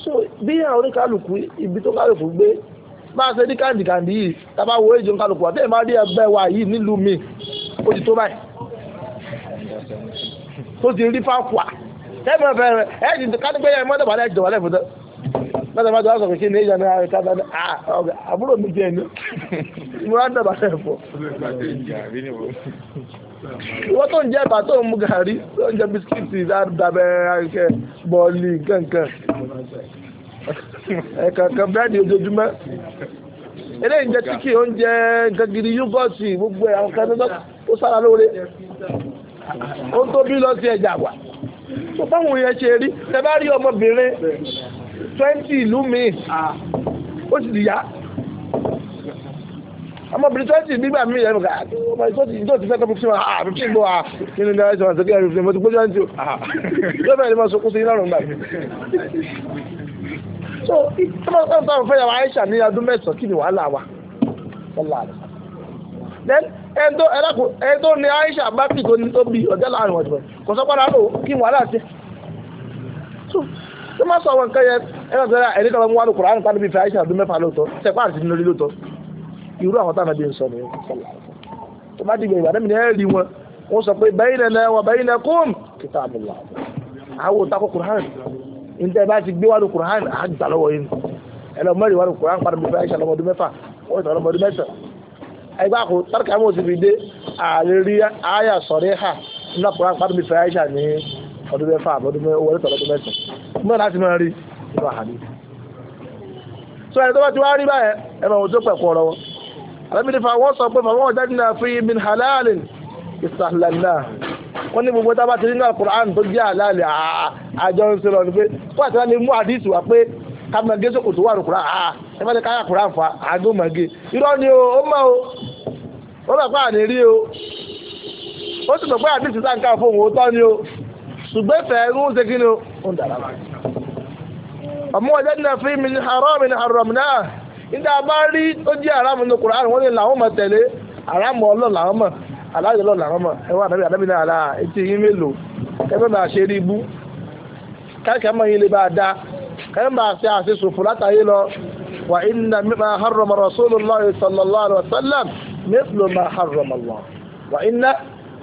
so bí àwọn oníkàlùkù ibi tó kàlùkù gbé bá a ṣe ní kàǹdìkàǹdì yìí tábà wo èjì nkálukú àti èèmà rí ẹgbẹ́ wa yìí nílùú mi ó ti tó báyìí tó ti rí fáfùà ẹ̀mọ̀ fẹ́rẹ̀ ẹ̀jì kánípẹ́ yẹn mọ́tò balẹ̀ jọ̀wọ́ lẹ́fọ̀tọ́ mọ́tò bá jọ̀wọ́ sọ̀rọ̀ kí ni ìyànà àríkàtà ní àbúrò mi jẹ́ ẹni múra ń dàbà lẹ́fọ̀ wọ́n tó ń jẹ́ ẹ̀bà tó ń mú gàrí tó ń jẹ bisikíìtì dábẹ́ bọ́ọ̀lì kankan ẹ̀kọ̀ọ̀kan búrẹ́dì ojoojúmọ́ eléyìí jẹ́ tíkì oúnjẹ gẹ́gìrì yúgọ́ọ̀tì gbogbo ẹ̀ àwọn kan tó sára lóore ó tó bí lọ sí ẹja wà tó báwọn yẹn ṣe rí ẹ bá rí ọmọbìnrin twenty ìlú mi ó sì dìyà ọmọbìnrin twenty nígbà míì ẹnu ká ìjọ ti fẹ́ kọ́ fífi máa fífi ah, gbọ́ à nínú ìgbà ẹ̀sìn àti ẹ̀rù fífi mo ti gbójú ẹ̀ńtì ó ah, yóò bẹ̀rẹ̀ ní ma sọ kó sí iná rùn báyìí so ìtọ́sán táwọn fẹ́ yàwó Aisha ní ọdún mẹ́sàn-án kí ni wàhálà wa sọlá rẹ̀ then ẹ̀ńtọ́ ẹ̀dàkùn ẹ̀ńtọ́ ni Aisha bá fi tó ní tó bí ọ̀dẹ́ láàrin wọ̀jọ̀ kò sọ padà lò kí wàhálà sí so tó má sọ àwọn nǹkan yẹn ẹ̀rọ tó yà ẹ̀rí kan mú wà lókùrọ̀ àrùn tánibí fi Aisha ọdún mẹ́fà lóòótọ́ tẹ̀pá àti nílórí lóòótọ́ irú àwọn táwọn ẹbí ń sọ nìyẹn sọlá rẹ̀ tó má dìgbà ìgbà dẹ́mìnira ẹ̀rí wọn wọ́n sọ pé baynana wa baynakum kitabullah àwọn òtakò kùrọ̀ àrùn níta bá ti gbé wàlú kùrán àgbà lọ́wọ́ yìí ẹlọ mẹ́rin wàlú kùrán padà bí fẹ́ ṣàlọ́mọdún mẹ́fà ó ti ṣàlọ́mọdún mẹ́sàn ẹgbẹ́ àkó tárkà mọ́ ti fi dé ààrẹ rí àyà sọ̀rẹ́ hà nínú kùrán padà bí fẹ́ ṣà ní ọdún mẹ́fà àbọ̀dún wọlé tọ̀lọ́dún mẹ́sàn mọ́ láti máa rí nínú àhàdí. sọ ẹni tó bá ti wá rí wọ́n ní gbogbo tá a bá ti rí náà Quran tó jẹ́ àlàálẹ̀ àjọ ń sọ̀rọ̀ ni pé wọ́n àti wọ́n lè mú àdìsí wá pé kàmọ̀gé sókò tó wà ní Quran àá ẹ káyà Quran fa ni o ó mọ̀ o ó o ó sì mọ̀ pé àdìsí sáǹkà tọ́ ni o ṣe kí ni o ó ń dàrá ọmọ ọjọ́ ní mi haram haram náà nígbà bá rí ó aláàjọ lọ́la ọmọ ẹwà àdábì àdábì náà àlà etí yín mélòó kẹfẹ́ máa ṣe rí ibú káàkiri mọ́ yín lè bá a dá kẹfẹ́ máa ṣe àṣeṣòfò látàyè lọ wà inna mimma harrama rasulullahi sallallahu alaihi wasallam mithlu ma harrama Allah wà inna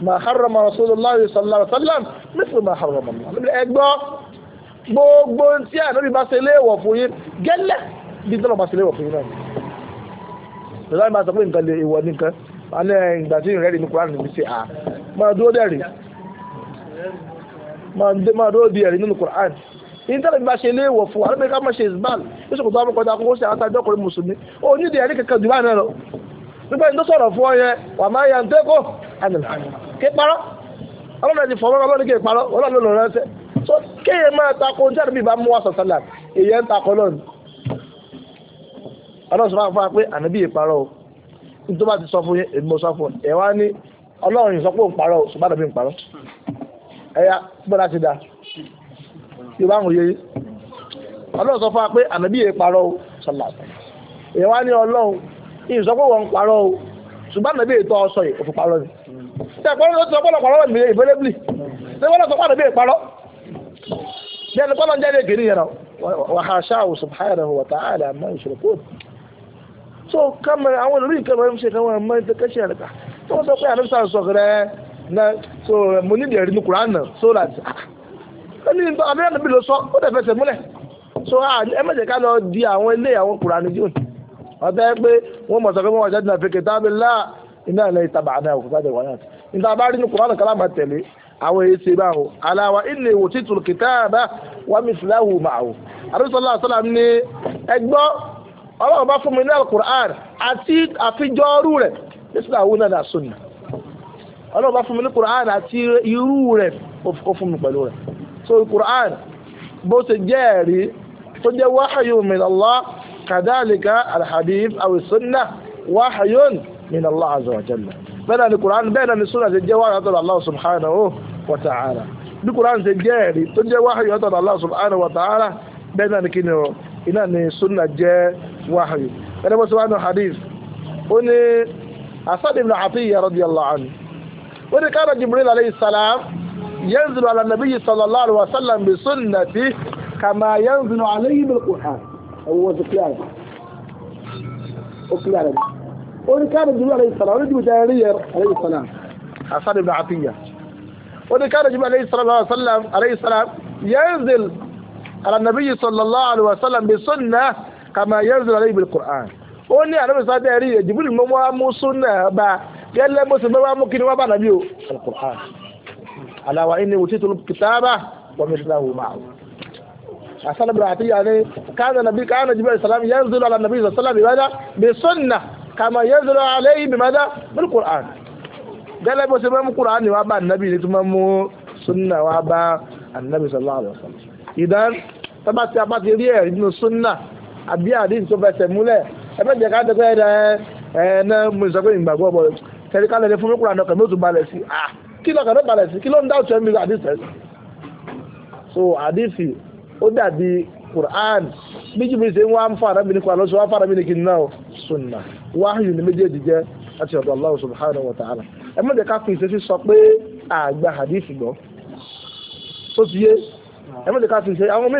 ma harrama rasulullahi sallallahu alaihi wasallam mithlu ma harrama Allah ẹgbọ́ gbogbo tí àdábì bá ṣe léèwọ̀ fún yín gẹ́lẹ́ bí tọ́lọ̀ bá ṣe léèwọ̀ fún yín náà alẹ́ ìgbà tí ìrìn rẹ̀ ní kúránì níbi ṣe à máa dúró dẹ̀rí máa dúró di ẹ̀rí nínú kúránì ìtẹ́lẹ̀ bá ṣe léèwọ̀ fún àwọn ẹgbẹ́ máa ṣe ìsbáàlì ó sì kò tó àmọ́kọ̀dá kó sí àwọn àjọ ọkùnrin mùsùlùmí ó ní ìdí ẹ̀rí kankan jù báyìí náà lọ nígbà tó sọ̀rọ̀ fún ọ yẹn wà máa yan tẹ́kọ̀ ànàlà ké parọ́ ọlọ́run ti fọwọ́ ọlọ́run ké parọ́ ọlọ́run ló ránṣẹ́ so kéye máa takò ní sẹ́ni bí bá mú wa sọ̀tàlà èyẹ ń takò lọ́nù ọlọ́run sọ fún wa pé ànábì ìparọ́ o tó bá ti sọ fún yín èmi mo sọ fún ẹ wá ní ọlọ́run yìí sọ pé òun parọ́ ṣùgbọ́n àbí òun parọ́ ẹ̀yà gbọ́dá ti dà yóò bá wọn yé ọlọ́run sọ fún wa pé ànábì yẹn parọ́ o sọlá ẹ̀yà wá ní ọlọ́run yìí sọ pé òun parọ́ o ṣùgbọ́n ànábì yẹn tọ́ yìí òfin parọ́ ni ṣe ìpọ́n ló ti sọ pọ́lọ̀ parọ́ mi ìbélébìlì ṣe wọ́n lọ sọ pé ànábì yẹn parọ́ jẹ́ni pọ́lọ́ jẹ́ni èkìrí yẹn náà wàhásà subhanahu wa ta'ala àmọ́ ìṣòro so kama àwọn ìlú ìkẹrẹ ń ṣe káwọn ọmọ ẹgbẹ́ kẹṣẹ rẹ ká tó wọn sọ pé àdúgbò sàn sọ rẹ na so mo ní ìdẹ̀rí ní Quran. náà so that ó ní nípa abẹ́rẹ́ níbi ló sọ ó dẹ̀ fẹsẹ̀ Mule? so ah, ẹ mẹ̀jẹ̀ ká lọ di àwọn ilé àwọn kuran jù ọ̀tẹ́ pé wọ́n mọ̀ sọ pé wọ́n wà jáde náà fẹ́kẹ̀ tábí lá iná ilẹ̀ ìtàbà náà òkú sáde wọ́n náà níta Quran rí ní kuran kálá máa tẹ̀lé àwọn èyí ṣe báwo aláwa ilé ìwò títù kìtàbà wàmísìláwù màá àdúgbò sọlá sọlá ní ẹgbọ́ ọlọ́run bá fún mi ní alukur'an àti àfijọ́rú rẹ̀ nísìlẹ̀ àwọn náà sùn ní ọlọ́run bá fún mi ní kur'an àti irú rẹ̀ ó mi pẹ̀lú rẹ̀ so kur'an bó ṣe jẹ́ ẹ̀rí tó jẹ́ wáhayù min Allah kàdálíkà alhabib awisunna wáhayùn min Allah azza wa jalla bẹ́ẹ̀ náà ni kur'an bẹ́ẹ̀ náà ni sunna ṣe jẹ́ wáhayù àtọ̀dọ̀ Allah subhanahu wa ta'ala bí kur'an ṣe bẹ́ẹ̀ ni kí ni iná ni sunna jẹ́ وحي قال ابو عنه حديث قل اسد بن عطية رضي الله عنه وإن كان جبريل عليه السلام ينزل على النبي صلى الله عليه وسلم بسنته كما ينزل عليه بالقرآن أبو سكيان أكيان وإن كان جبريل عليه السلام وإن جبريل عليه السلام اسد بن عطية وإن كان جبريل عليه السلام, عليه السلام, عليه السلام ينزل على النبي صلى الله عليه وسلم بسنه kàmá yẹ́rùsọ̀ lálẹ́ ìbìlì kùrán ó ní àdébí sábẹ́ rí ẹ̀ jìbìlì mọ́ wá mú súnà bá gẹ́lẹ́ mú sùn mọ́ mú kí ni wá bá nàbí o alukùrán aláwa ẹni wò títún kìtàbà wọ́n mi sílá wò máa asan bi ati yani kana nabi kana jibril salam yanzilu ala nabi sallallahu alaihi wasallam bi sunnah kama yanzilu alayhi bi madha bil qur'an gẹ́lẹ́ bó ṣe máa mú kúrò ánìwá bá ànábì ní tó máa mú súnà wá bá sallallahu alaihi wasallam ìdán tábà tí a bá ti rí ẹ̀rí àbí àdín tó fẹsẹ̀ múlẹ̀ ẹ fẹ́ jẹ́ ká tẹ́ pé ẹ ẹ ná mo sọ pé ìgbàgbọ́ ọmọ rẹ tẹ̀lé ká lẹ́lẹ́ fún mẹ́kúrà náà kẹ̀mí ó tún balẹ̀ sí ah kí lọ́kàn náà balẹ̀ sí kí ló ń dá òtún ẹ̀mí àdín sẹ́sì. so àdífì ó dàbí Qur'an bí jìbìrì ṣe ń wá ń fa àrẹ́bí ní Qur'an lọ́sọ̀ wá fa àrẹ́bí ní kìnnà sunna wáhìyù ní méjèèjì jẹ́ láti ọ̀dọ̀ Allah subhanahu wa ta'ala ẹ mọ̀ jẹ́ ká fi ìṣesí sọ pé àgbà àdífì gbọ́ tó ti yé ẹ mọ̀ jẹ́ ká fi ìṣe àwọn mí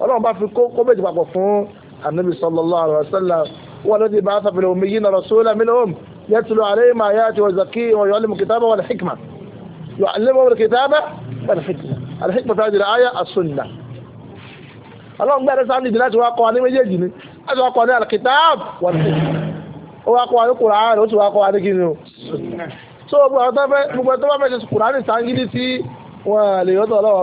ọlọ́run bá fi kó méjì papọ̀ fún anabi sallallahu alaihi wasallam wọn ló ti bá sàfihàn omi yìí lọrọ sólà minhum yatlu alayhim ayati wa zakihim wa yu'allimuhum kitaba wal hikma yu'allimuhum kitaba wal hikma al hikma fàájì rẹ̀ ayé as-sunnah ọlọ́run gbẹ́rẹ́ sáà nìdí láti wá kọ́ ní méjèèjì ni láti wá kọ́ ní al-kitab wal wọ́n lè yọ́tọ̀ ọlọ́wọ́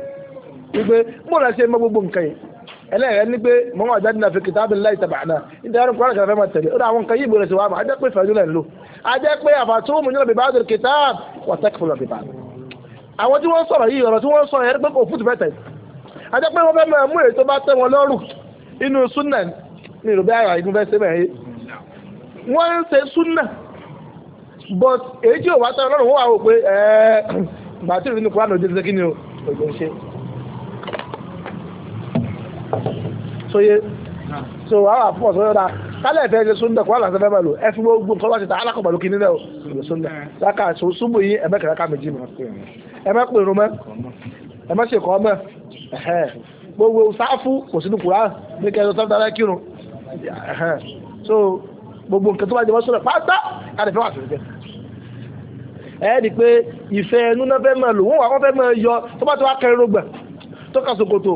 wípé bóòlù ẹ̀ṣẹ̀ mọ́ gbogbo nǹkan yìí ẹlẹ́yìn ní pé mọ́ wọn àjáde náà fi kìtàbí láì tàbàánà nítorí àwọn kọ́lá kẹfẹ́ máa tẹ̀lé ó àwọn nǹkan yìí bóòlù ẹ̀ṣẹ̀ wà máa ajẹ́ pé fẹ́jú lẹ̀ ń lò ajẹ́ pé àfàtúwò mìíràn bíbá àdùn kìtàb wà tẹ́kìfọ̀lọ̀ bíbá àwọn tí wọ́n sọ̀rọ̀ yìí ọ̀rọ̀ tí wọ́n sọ̀rọ̀ yẹn pé kò fútu bẹ́tẹ̀ ajẹ́ pé wọ́n fẹ́ máa mú èyí tó bá tẹ́ sóyé so àwọn àpò ọ̀sọ́yọ́dá kálẹ̀ ìfẹ́ ṣe súnlẹ̀ kó àlàsẹ́ fẹ́ mẹ́lò ẹ fi gbogbo nǹkan bá ti ta alákọ̀ọ́bà lókè nílẹ̀ ìlú súnlẹ̀ láka ṣubú yín ẹ̀mẹ́ kẹ̀kẹ́ méjì mọ́ ẹ̀mẹ́ pè rúmẹ́ ẹ̀mẹ́ ṣe kọ́ mẹ́ gbogbo sáfù kò sínú kùrá ní kẹjọ sọ́dọ̀ dára kírun so gbogbo nǹkan tó bá jẹ mọ́ súnlẹ̀ pátá kálẹ̀ fẹ́ wà sí ẹ̀ẹ́dì pé ìfẹ́ ẹnu náà fẹ́ mẹ́lò wọ́n wà wọ́n fẹ́ mẹ́ yọ tó bá ti wá kẹrin rògbà tó kà sókòtò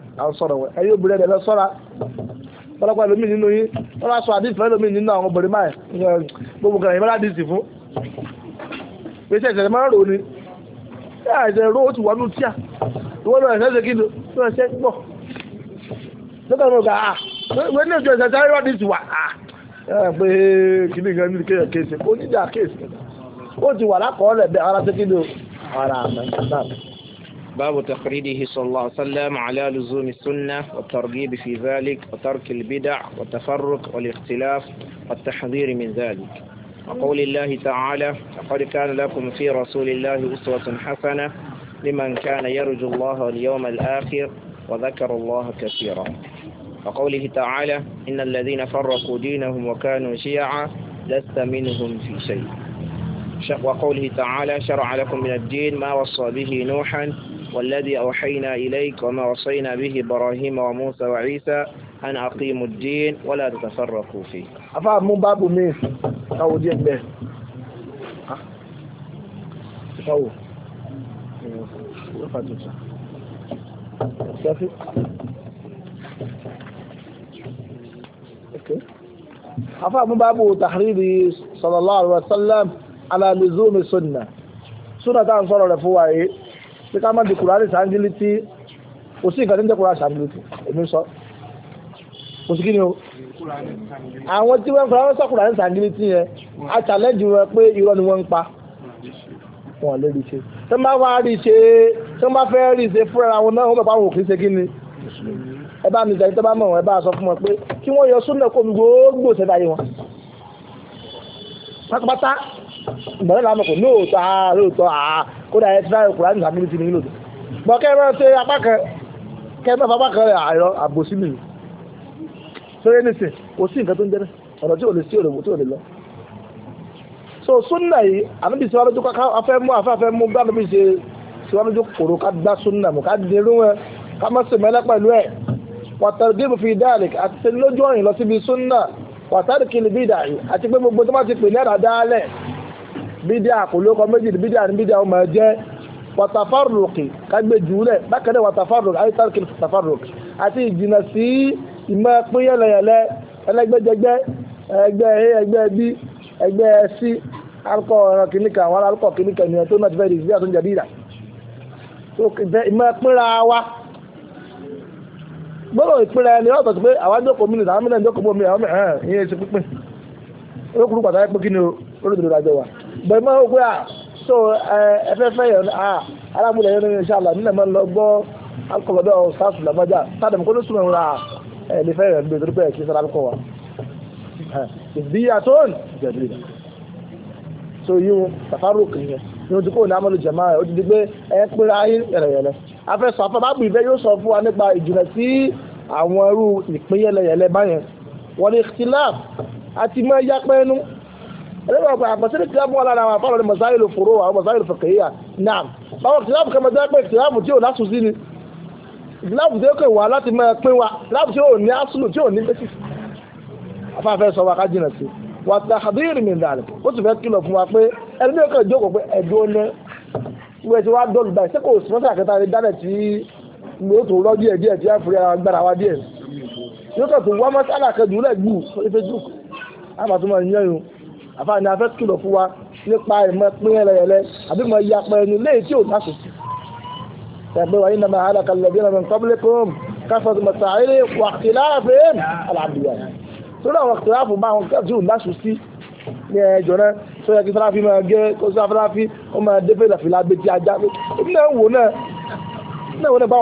à sọ̀rọ̀ wọn obìnrin ẹ̀dẹ̀ lọ sọ́ra pọ̀lọpọ̀ ẹlòmíì nínú yín wọ́n bá sọ àdìsí ẹlòmíì nínú àwọn obìnrin máa gbogbo kan ìyẹn bá dìsí fún pèsè ẹ̀sẹ̀ máa rò ni ẹ̀sẹ̀ rò ó ti wọnú tíà ìwọ́n náà ẹ̀sẹ̀ ṣe kí ni ah, wọ́n ẹ̀sẹ̀ gbọ̀ lọ́kàn ní ìjọ ìṣẹ̀ṣẹ̀ ayọ́ dìsí ní kéèyàn kéèsì oníjà ó ti wà lákọ̀ọ́lẹ̀ bẹ́ẹ̀ ara ṣe kí ni ara àmọ́ باب تقريده صلى الله عليه وسلم على لزوم السنة والترغيب في ذلك وترك البدع والتفرق والاختلاف والتحذير من ذلك وقول الله تعالى لقد كان لكم في رسول الله أسوة حسنة لمن كان يرجو الله اليوم الآخر وذكر الله كثيرا وقوله تعالى إن الذين فرقوا دينهم وكانوا شيعا لست منهم في شيء وقوله تعالى شرع لكم من الدين ما وصى به نوحا والذي أوحينا إليك وما وصينا به إبراهيم وموسى وعيسى أن أقيموا الدين ولا تتفرقوا فيه أفا مو باب مين أو دين به أو أفا مو باب تحرير صلى الله عليه وسلم على لزوم السنة سنة تعالى صلى الله عليه وسلم pé ká má di kùránì sàngílítì kò sí nǹkan tí ń jẹ́ kùránì sàngílítì èmi sọ kò sí kí ni o àwọn tí wọ́n ń fara sọ kùránì sàngílítì yẹn a challenge wọn pé irọ́ ni wọ́n ń pa wọn lè rí ṣe tí wọ́n bá wá rí ṣe tí wọ́n bá fẹ́ rí ṣe fúnra wọn náà wọ́n bàbá wọn ò kì í ṣe kí ni ẹ bá mi jẹ́ tó bá mọ̀ wọn ẹ bá sọ fún wọn pé kí wọ́n yọ súnà kó mi gbogbo ṣẹ̀dá pátápátá ìgbàlẹ́ làwọn kò ní òótọ́ àá lóòótọ́ àá kódà ẹ tíra ìkùrá ní sàmìlì ti ní lòdì bọ́ kẹ́ mọ́ ṣe apá kan kẹ́ mọ́ apá kan àìrọ àbòsí mi sórí nísìn kò sí nǹkan tó ń jẹ́ ọ̀nà tí ò lè sí òdòwò tí ò lè lọ so súnà yìí àmì sí wàlójú ká afẹ́ mú afẹ́ afẹ́ mú bá mi ṣe sí wàlójú kòrò ká gbá súnà mú ká dirú wọn ká má sì mẹ́lẹ́ pẹ̀lú ẹ̀ wàtàrí gíìmù fi dáàlì àti ṣe lójú ọ̀rìn lọ síbi súnà wàtàrí kìlì bí ìdàrí àti pé gbogbo tó má ti pè ní àdá dálẹ̀ bídíà kò lóko bídíà ní bídíà ó máa àti ìjìnà sí ẹlẹgbẹjẹgbẹ a ẹgbẹ́ b alukọ alukọ náà ti di jẹ dídà ìmọ̀ wa gbọ́dọ̀ ìpínra ẹni ọ̀tọ̀ sí pé àwọn àjọkọ̀ mi nìyà àwọn mìíràn ìjọkọ̀ mi àwọn mìíràn ìyẹn ti pínpín olókùnrin pàtàkì pé kí ni olódodo àjọ wa. bẹ̀rẹ̀ máa à so ẹfẹ́fẹ́ eh, eh, yẹn à alámúlẹ̀ yẹn ní inshallah nínú ẹ̀mọ́ lọ gbọ́ akọ̀lọ́dọ̀ sáfù làmọ́jà tádàmù kó ló súnmọ́ ìwúra ẹ̀lẹ́fẹ́ yẹn gbé pé ẹ̀kí sára kọ̀ wá ìdíyà tó ń jẹ̀bi so yíwọ tàfárò kìíyẹn ní ojú kò ní amọ̀lù jẹ̀má ẹ̀ ó ti di pé ẹ ń pínra ayé yẹ̀lẹ̀yẹ̀lẹ̀ afẹ́sọ̀ afẹ́bábù ìfẹ́ yóò sọ fún wa nípa ìjìnlẹ̀ sí àwọn irú ìpín yẹ̀lẹ̀yẹ̀lẹ̀ báyẹn wọ́n ní ikhtilaf àti mọ́ yápẹ́nu ẹlẹ́wọ̀n pé àpẹẹsẹ́lẹ̀ tí a mú alára àwọn afárọ̀ ní masáyìlú fòró àwọn masáyìlú fẹ̀kẹ̀yà náà báwọn kìláàbù kan mẹ́ta pé kìláàbù tí ò lásù sí ni kìláàbù tí ó kè wá láti máa pín wa kìláàbù tí ò ní asùlù tí ò ní bẹ́sì afáfẹ́ sọ wa ká jìnà sí wà á tàbíyìrì mi dàlẹ̀ ó sì fẹ́ kìlọ̀ fún wa pé ẹni ní ọkàn ìjókòó pé ẹ̀dùn ọ̀nà ìwé tí wàá dọ̀lù báyìí sẹ́kọ̀ọ́ sọ́sẹ́ àkẹta ní dálẹ̀ tí yóò tó rọ́ díẹ̀ díẹ̀ tí á fúri ara gbára wa díẹ̀ yóò kàn tó wá mọ́sálà kẹjù lẹ́gbù ìfẹ́jú àbàtúmọ̀ ìyẹn yìí àfáàní afẹ́ kìlọ̀ fún wa nípa ìmọ̀ pín ẹlẹ́yẹlẹ́ àbí mọ̀ ya pẹ́ ẹni léyìí tí ò lásù tẹ̀gbẹ́ wa iná máa hálà kalẹ̀ bí ẹnà mẹ́rin kọ́bílẹ̀ kọ́m káfọ́ tó mọ̀tà ayé wàkìlá fèèm aláàbíyà tó náà wàkìlá fún bá àwọn kẹ́tù lásù sí ní ẹjọ́ náà tó yẹ kí sáráfí máa gé kó sáráfí ó máa dé fèlà fìlà gbé tí ajá pé náà wò náà náà àwọn tó máa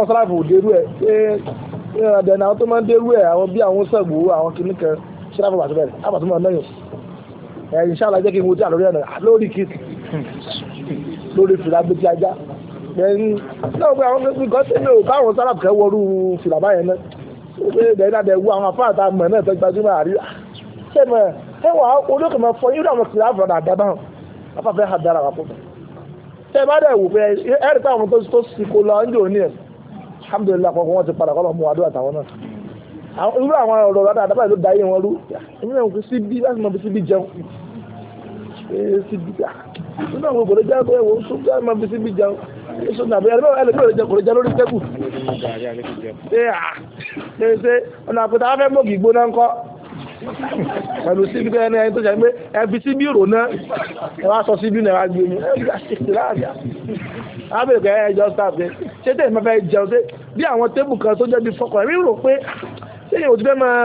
àwọn bí ẹ̀ ìṣàlá jẹ́ kí n wo tí àlórí ẹ̀nà lórí kìsì lórí fìlà gbé tí ajá ẹ̀yìn náà pé àwọn pẹ̀lú gọ́sí ní òkú àwọn sáràp kẹ́ wọrú fìlà báyẹn náà ó pé ẹ̀yìn náà dẹ̀wú àwọn afá àtà mọ̀ náà tẹ́gbà sí máa rí ah, ṣé mọ̀ ẹ wà olókè mọ̀ fọyín àwọn fìlà àfọ̀dà àdábà hàn afáfẹ́ hà dára wà púpọ̀ ṣé bá dẹ̀ wù pé ẹ̀rí táwọn tó tó sì kó lọ ń jò ní ẹ̀ alhamdulilayi kọ́kọ́ wọn ti padà kọ́ lọ mú adó àtàwọn náà irú àwọn ọ̀rọ̀ àdábà ló wọn rú ẹ̀mí náà kò sí bí láti mọ̀ bí sí bí jẹun síbi ká ah, nínú àwọn òkòrò já bẹ́ẹ̀ wò ó sún já máa fi síbi já ó sún nàbẹ́ ẹ̀rọ ẹ̀rọ ẹ̀rọ jẹ kòrò já lórí tẹ́kù. ṣé ah, ṣe ọ̀nà àpótá afẹ́ mọ́gì gbóná ńkọ́ pẹ̀lú síbi kẹ́ni ẹni tó ṣàgbé ẹ fi síbi rò náà ẹ wá sọ síbi náà gbé mi ẹ gbà ṣèṣe láàbíà ábẹ̀kẹ́ ẹ jọ sáàbẹ̀ ṣé tẹ̀ ìfẹ́fẹ́ jẹun ṣe bí àwọn tébù kan tó jẹ́ bí fọkàn rí rò pé ṣé yẹn òtún fẹ́ máa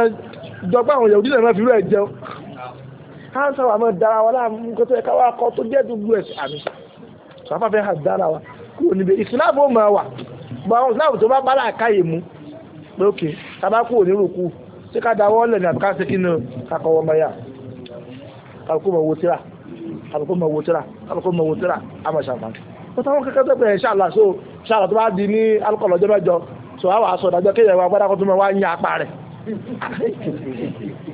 jọ pé àwọn yẹn òtún fẹ́ máa fi rú ẹ jẹun káńsà wà mọ́ dára wa láàmú nǹkan tó yẹ káwá kọ́ tó jẹ́ dùgbù ẹ̀sìn àmì sọ́fà fẹ́ hàn dára wa kúrò níbi ìsìláàbù ó máa wà bọ́ àwọn ìsìláàbù tó bá bá láàkáyè mu lókè tábà kúrò ní rúkú tí ká dáwọ́ lẹ̀ ní àbíká sí kínú kakọ̀wọ́ mẹ́yà kálukú mọ̀ wo tíra kálukú mọ̀ wo tíra kálukú mọ̀ wo tíra àmọ̀ ṣàǹfààní. wọ́n táwọn kẹ́kẹ́ tó pẹ̀ ṣàlà so ṣàlà tó bá di ní alukọ̀lọ̀ ọjọ́ mẹ́jọ so àwọn aṣọ ìdájọ́ kéèyàn wa gbọ́dá kó tó mọ̀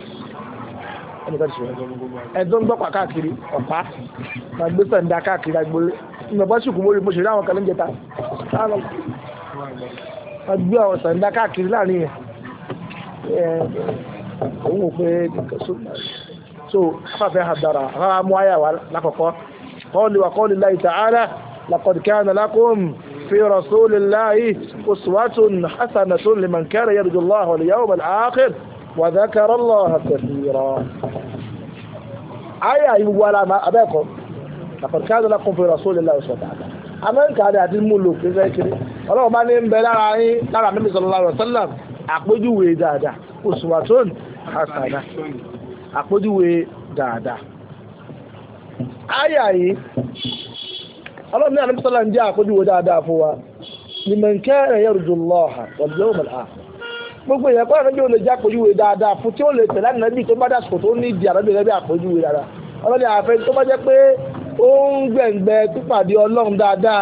nìkan ti ṣòro ẹ̀dọ́ ń gbọ́pà káàkiri ọ̀pá àgbé sàǹdà káàkiri agbolé ìmọ̀pá sùkú mórí mo ṣe rí àwọn kan lóúnjẹ ta àgbé àwọn sàǹdà káàkiri láàrin yẹn òun ò pé so afáfẹ́ àdára àwọn mú àyà لقد كان لكم في رسول الله أسوة حسنة لمن كان يرجو الله واليوم الآخر وذكر الله كثيرا àyà ìwọ ara ma abẹ́ẹ̀kọ́ àpàtàkì lakum fi rasulillahi uswatun hasana amẹ́ríkà àti àti mú lò pínlẹ̀ kiri ọlọ́run bá ní ń bẹ lára yín lára mímí sallallahu alaihi wasallam àpéjúwe dáadáa uswatun hasana àpéjúwe dáadáa àyà yìí ọlọ́run ní àmì sọ́lá ń jẹ́ àpéjúwe dáadáa fún wa liman kana yarju Allaha wal yawmal akhir gbogbo èèyàn kọ́ ànábì ò lè jẹ́ àpèjúwe dáadáa fún tí ó lè tẹ̀lé ànábì tó bá dàsìkò tó ní ìdí ànábì rẹ̀ bí àpèjúwe dáadáa ọlọ́ni àfẹ́ tó bá jẹ́ pé ó ń gbẹ̀ngbẹ́ pípàdé ọlọ́run dáadáa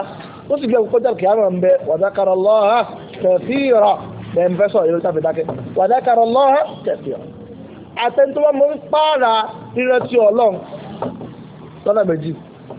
ó sì gbẹ̀ngbẹ́ kọjá kìá mọ̀ ń bẹ wàdákàrọ̀ lọ́hà kẹfìrọ̀ bẹ́ẹ̀ ń fẹ́ sọ̀rọ̀ yóò tàbí dákẹ́ wàdákàrọ̀ lọ́hà kẹfìrọ̀ àtẹnudọ́wọ́ mo ń pààrà rírẹ́tì ọlọ́run lọ́nà méjì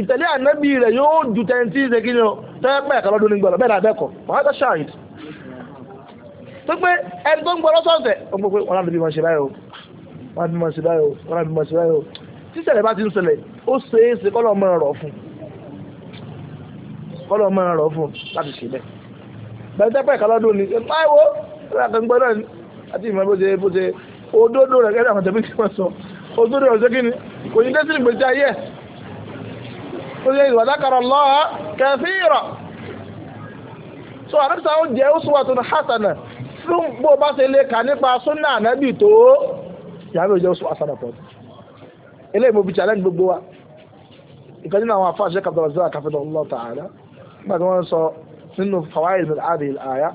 ìtẹ̀lé ànábì rẹ̀ yóò ju tẹ̀ntì ṣe kí ni o tẹ́lẹ̀ pẹ́ ẹ̀ka lọ́dún ní gbọ́dọ̀ bẹ́ẹ̀ dàbẹ́kọ̀ wọ́n á tẹ́ ṣáàyìn tó pé ẹni tó ń gbọ́ lọ́sọ̀ọ̀sẹ̀ ó gbọ́ pé wọ́n á bí wọn ṣe báyìí o wọ́n á bí wọn ṣe o wọ́n á o tíṣẹ̀lẹ̀ bá ti ń ṣẹlẹ̀ ó do é ṣe kọ́lọ̀ mọ́ ọ̀rọ̀ fún kọ́lọ̀ mọ́ ọ̀rọ̀ fún láti ṣe bẹ́ẹ̀ bẹ́ẹ̀ tẹ́pẹ́ ẹ̀ka lọ́dún ni báwo ẹ̀ka náà àti ìmọ̀ bó ṣe bó ṣe òdodo rẹ̀ kẹ́rẹ́ àwọn tẹ̀mí tí wọ́n sọ òdodo rẹ̀ ṣe kí olóyè wàdákàrà lọ́ha kẹfìrọ̀ so àdébísà ó jẹ́ uswatun hasana fún bó bá ṣe lè kà nípa súnà ànábì tó yàrá òjò uswatun hasana pọ̀ eléyìí mo bi challenge gbogbo wa ìkan nínú àwọn afáàṣẹ kàbdàbàzà kàfẹ́dọ̀ Allah ta'ala nígbà tí wọ́n sọ nínú fawaid min adi àyà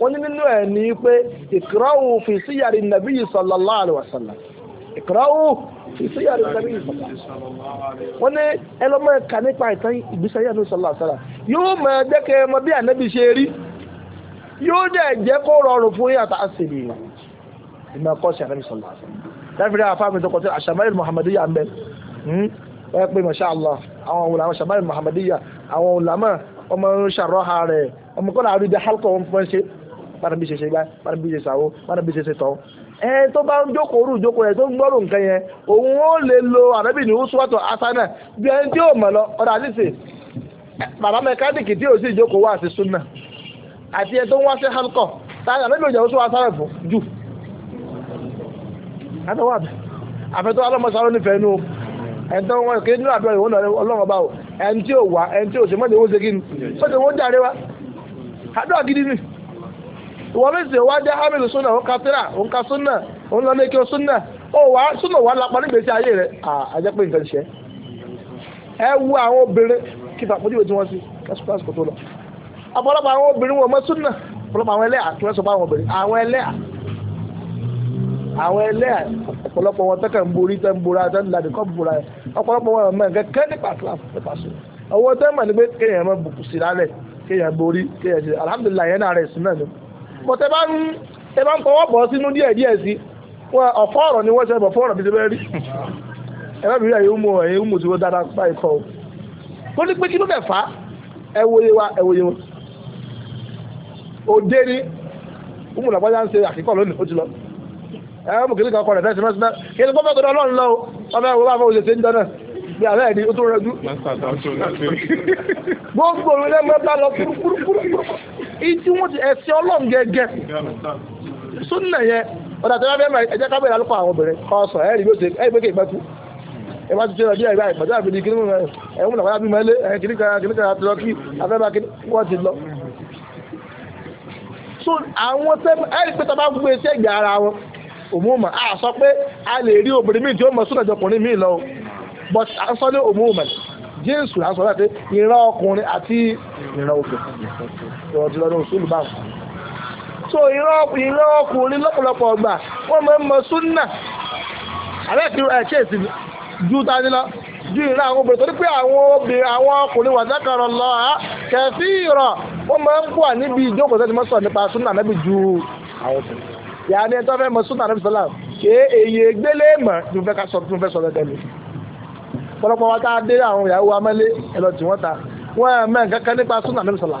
wọ́n ní nínú ẹ̀ ní pé ikra'u fi síyàrí nàbí sallallahu alaihi wasallam ìkọ́ráwó ìṣẹ́yà rẹ̀ tàbí ìfọ̀lá wọ́n ní ẹlọ́mọ ẹ̀ka nípa ìtàn ìgbésẹ̀ ayé àdúrà sọ̀lá sọ̀lá yóò máa jẹ́ kẹ́ ẹ mọ bí ànábì ṣe rí yóò dẹ̀ jẹ́ kó rọrùn fún yàtọ̀ àṣìlì ìmọ̀ ẹ̀kọ́ sí ànábì sọ̀lá sọ̀lá dáfírí àfáà mi tọkọtẹ àṣàmáyìl muhammadiyya ń bẹ wọ́n hmm? pè masha allah àwọn òun làwọn àṣàmáyìl muhammadiyya àwọn òun làmọ́ ọmọ ń ṣàrọ́ ha rẹ̀ ọmọ kọ́nà àrídẹ́ halkọ̀ wọn fún ẹ ṣe bára bí ṣe ṣe gbá ẹ tó bá ń jókòó rú jókòó yẹn tó ń gbọ́rù nǹkan yẹn òun ó lè lo àbẹ́bí ní uswatu bí ẹni tí yóò mọ̀ lọ ọ̀dà àdìsí bàbá mẹkáníìkì tí yóò sì jókòó wá sí súnà àti ẹ tó ń wá sí halkọ táyà àbẹ́bí òjò uswatu fún jù. àfẹ́tọ́ alọ́mọsáró nífẹ̀ẹ́ nù ẹni tó ń wọ́n nínú ìwọ́n ọlọ́run ọba ṣe ìwọ́n méjì wá jẹ́ hamilu sunna òun ka tira òun ka sunna òun lọ ní kí o sunna ó wá sunna wà lápá nígbèsí ayé rẹ̀ àjẹ́ pé nǹkan ṣe ẹ wú àwọn obìnrin kí fà pọ́jú tí wọ́n sí kásù kásù kò tó lọ ọ̀pọ̀lọpọ̀ àwọn obìnrin wọn mọ sunna ọ̀pọ̀lọpọ̀ àwọn ẹlẹ́à tí wọ́n sọ fún àwọn obìnrin àwọn ẹlẹ́à àwọn ẹlẹ́à ọ̀pọ̀lọpọ̀ wọn tẹ́kẹ̀ ń borí tẹ́ ń bora tẹ́ ń ladì kọ́ bora ọ̀pọ̀lọpọ̀ wọn mọ̀ nǹkan kẹ́ nípa àtúrà nípa bó tẹ bá ń tẹ bá ń fọwọ́ bọ̀ sínú díẹ̀ díẹ̀ sí wọn ọ̀fọ́ ọ̀rọ̀ ni wọ́n ṣe bọ̀ fọ́ọ̀rọ̀ bí ṣe bẹ́ẹ̀ rí ẹ̀rọ mi rí ẹ̀yìn umu ẹ̀yìn umu tí wọ́n dára báyìí kọ́ ó ní pé kí ló bẹ̀ fà á ẹ wa ẹ wọn òde ni umu làbọ́jà ń ṣe àkíkọ́ lónìí ó ti lọ ẹ̀rọ mú kìnnìkan kọ́ rẹ̀ fẹ́ẹ́ sinmi kí ni pọ́pẹ́ tó dán lọ́run lọ́wọ́ ọmọ ẹ̀wọ̀ bá fọ́ òṣèṣe ń dán náà bí abẹ́ ẹni ó tó rẹ dú. gbogbo olùdẹ́ mọ́ta lọ kúrúkúrúkúrú ìtí wọ́n ti ẹ̀sìn ọlọ́run gẹ́gẹ́ súnà yẹn ọ̀dà tó bá fẹ́ máa ẹ̀jẹ̀ kábẹ̀rẹ̀ alùpàá àwọn obìnrin kọ́ ọ̀sán ẹ̀rí bí ó ṣe ẹ̀rí pé kì í bá tú ẹ bá ti ṣe ọdí ẹ̀rí àìpàdé àfi di kíní mú ẹ̀ ń nàkọ́yà bí mọ́ ilé ẹ̀ kíní kan kíní kan àti lọ kí afẹ́bá kíní wọ́n ti lọ. so àwọn tẹ́ ẹ̀rí pé tọ́ba gbé iṣẹ́ ìgbà ara wọn òmùmọ̀ a sọ pé a lè rí obìnrin míì tí ó mọ súnà jọkùnrin míì lọ but a sọ ní òmùmọ̀ jíǹsù à ń sọ láti ìran ọkùnrin àti ìran obìnrin lọ́wọ́ ti lọ́dún bá wọn. so ìran ọkùnrin lọ́pọ̀lọpọ̀ ọgbà wọ́n máa ń mọ súnà àbẹ́ẹ̀kì ẹ̀kẹ́sì ju tani lọ ju ìran àwọn obìnrin torí pé àwọn obìnrin àwọn ọkùnrin wà sákàrọ̀ lọ á kẹfí ìrọ̀ wọ́n máa ń wà níbi ìjókòó sẹ́ni mọ́sọ̀ nípa súnà nẹ́bi ju àwọn obìnrin yàrá ni ẹjọ́ fẹ́ mọ súnà nẹ́bi sọ́lá ṣé èyí gbélé mọ̀ ju fẹ́ ká sọ tún fẹ́ sọ lẹ́tẹ̀ mi pọ̀lọpọ̀ wa tá a dé àwọn ìyàwó amẹ́lé ẹ̀lọ́tì wọ́n ta wọ́n mẹ́ nǹkan kan nípa súnà nẹ́bi sọ́lá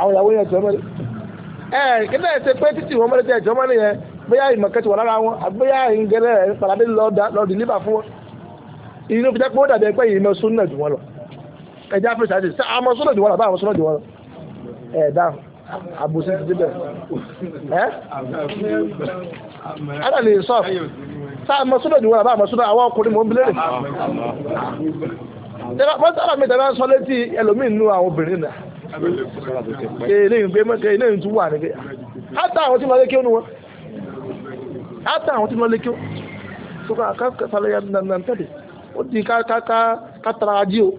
àwọn ìyàwó yẹn jọmọ ni ẹ kíndà ẹsẹ pé títí wọn mọlẹ tẹ jọmọ ni yẹn bóyá ìmọ̀kẹ́tì wà lára wọn àgbéyà ìngẹlẹ paradé lọ dìlíbà fún wọn ìyẹn ló fi jẹ́ pé ó dàbí ẹgbẹ́ yìí lọ sún náà jù wọn lọ ẹja fún ìṣàjì sí àmọ́ sọ́nà jù wọn lọ bá àwọn sọ́nà jù wọn lọ ẹ dáhùn àbòsí ti débẹ̀ ẹ ẹ lè sọ sá àmọ́ sọ́nà jù wọn lọ bá àwọn sọ́nà àwọn ọkùnrin mò ń bilẹ̀ rẹ̀ tẹ́lá mọ́tàlá mi tẹ́lá sọ létí ẹlòmíín nú àwọn obìnrin náà ilé ìgbé mẹ́kẹ́ ilé ìtú wà nígbé átà àwọn tí lọ lékí ònú wọn átà àwọn tí lọ lékí tó ká kásálẹ̀ ya dandan tẹ́lẹ̀ ó di kátara ají o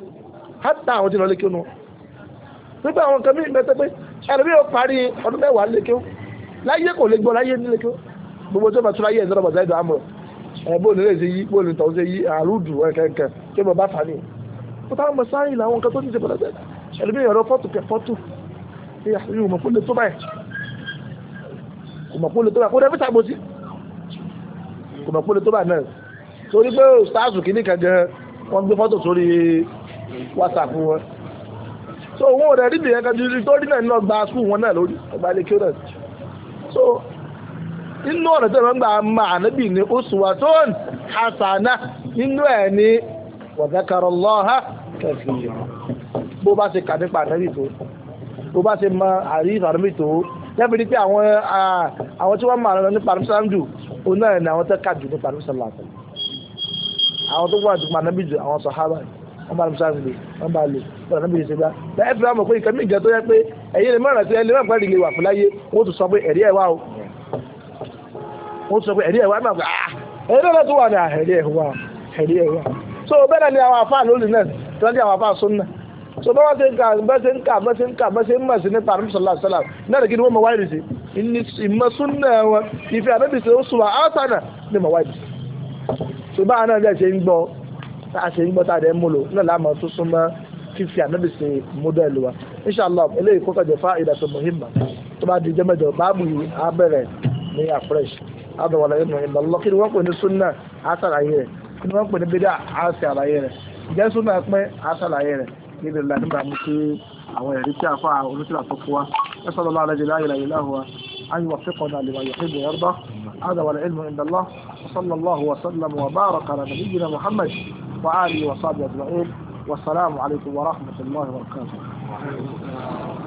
átà àwọn tí lọ lékí ònú wọn nígbà àwọn kan mìíràn mẹ́tẹ́ pé ẹlòmíì ó parí ọdún mẹ́wàá lékí láyé kò lè gbọ́ láyé ní lékí gbogbo tó bá tún láyé ẹ̀dọ́rọ̀ bàtà ẹ̀dọ̀ àmọ̀ ẹ̀ bóòlù lè ṣe yí bóòlù tọ̀ ṣe yí àrùdù ẹ̀kẹ̀kẹ̀ tó bá bá fà ní. ó táwọn mọ̀ sáyìn làwọn kan tó ti ṣe pẹ̀lẹ́pẹ̀lẹ́ ẹ̀lú bí ẹ̀rọ fọ́tò kẹfọ́tò yóò mọ̀ fún lè tó báyìí kò mọ̀ fún lè tó báyìí kó dẹ́ fíta gbòsí kò mọ̀ fún lè tó báyìí náà torí pé stars kìíní gan wọ́n gbé sórí whatsapp wọn so wọn rẹ̀ rí nìyẹn kan ju tó náà gba skul wọn náà lórí ọgbà ilé kí ó so inú ọ̀rọ̀ tó ń gbà máa ànábì ní uswatun hasana asana ẹ̀ ní wa zakarallaha kathira bó bá ṣe kà nípa ànábì tó bó bá ṣe mọ àríyìn ànábì tó lẹ́bi ni pé àwọn àwọn tí wọ́n mọ àlọ́ nípa ànábì sàlámù òun náà ni àwọn tó kà jù nípa ànábì sàlámù àwọn tó wà nípa ànábì jù àwọn sàhábà wọ́n bá ànábì sàlámù lè wọ́n bá lè wọ́n ànábì lè ṣe gbá ẹ fi àmọ̀ pé ìkànnì ìjọ tó yẹ pé ẹ̀yin lè mọ̀ràn tí ẹ lè mọ̀ràn lè wà fún láyé wọ́n tún sọ pé ẹ̀rí ẹ̀ wá o wọ́n sọ pé ẹ̀rí ẹ̀ wá náà ah, ẹ̀rí náà tó wà ní ah, ẹ̀rí ẹ̀ wá ẹ̀rí ẹ̀ wá so bẹ́ẹ̀ ni àwọn àfáà lónìí náà tí wọ́n jẹ́ àwọn àfáà sún náà so bá wá ṣe ń kà bá ṣe ń kà bá ṣe ń kà bá ṣe ń mọ̀ sí nípa àrùn sọ̀lá sọ̀lá náà kí ni wọ́n mọ̀ wáyé sí ìmọ̀ súnà wọn ìfẹ́ àbẹ́bí ṣe ó sùwà áṣánà ni mọ̀ wáyé so báwa náà bẹ́ẹ̀ ṣe ń gbọ́ tá a ṣe ń gbọ́ tá a dẹ̀ ń múlò náà láàmú tó súnmọ́ fífi àbẹ́bí ṣe mọ́dẹ́lì wa inshàlá eléyìí kó kàjọ fáìdà tó muhimma tó bá di jẹ́mẹ́jọ báàbù yìí á bẹ̀rẹ̀ ní afresh adùn wàlẹ̀ yìí nìyẹn lọ́lọ́ kí ni nílẹ̀ ńlá nígbà mú pé àwọn ẹ̀rí tí àfa olùsílà tó fún wa ẹ̀sọ́ lọ́la alẹ́ jẹ́lá ìlà ìlà wa أن يوفقنا لما يحب ويرضى هذا والعلم عند الله وصلى الله وسلم وبارك على نبينا محمد وآله وصحبه أجمعين والسلام عليكم ورحمة الله وبركاته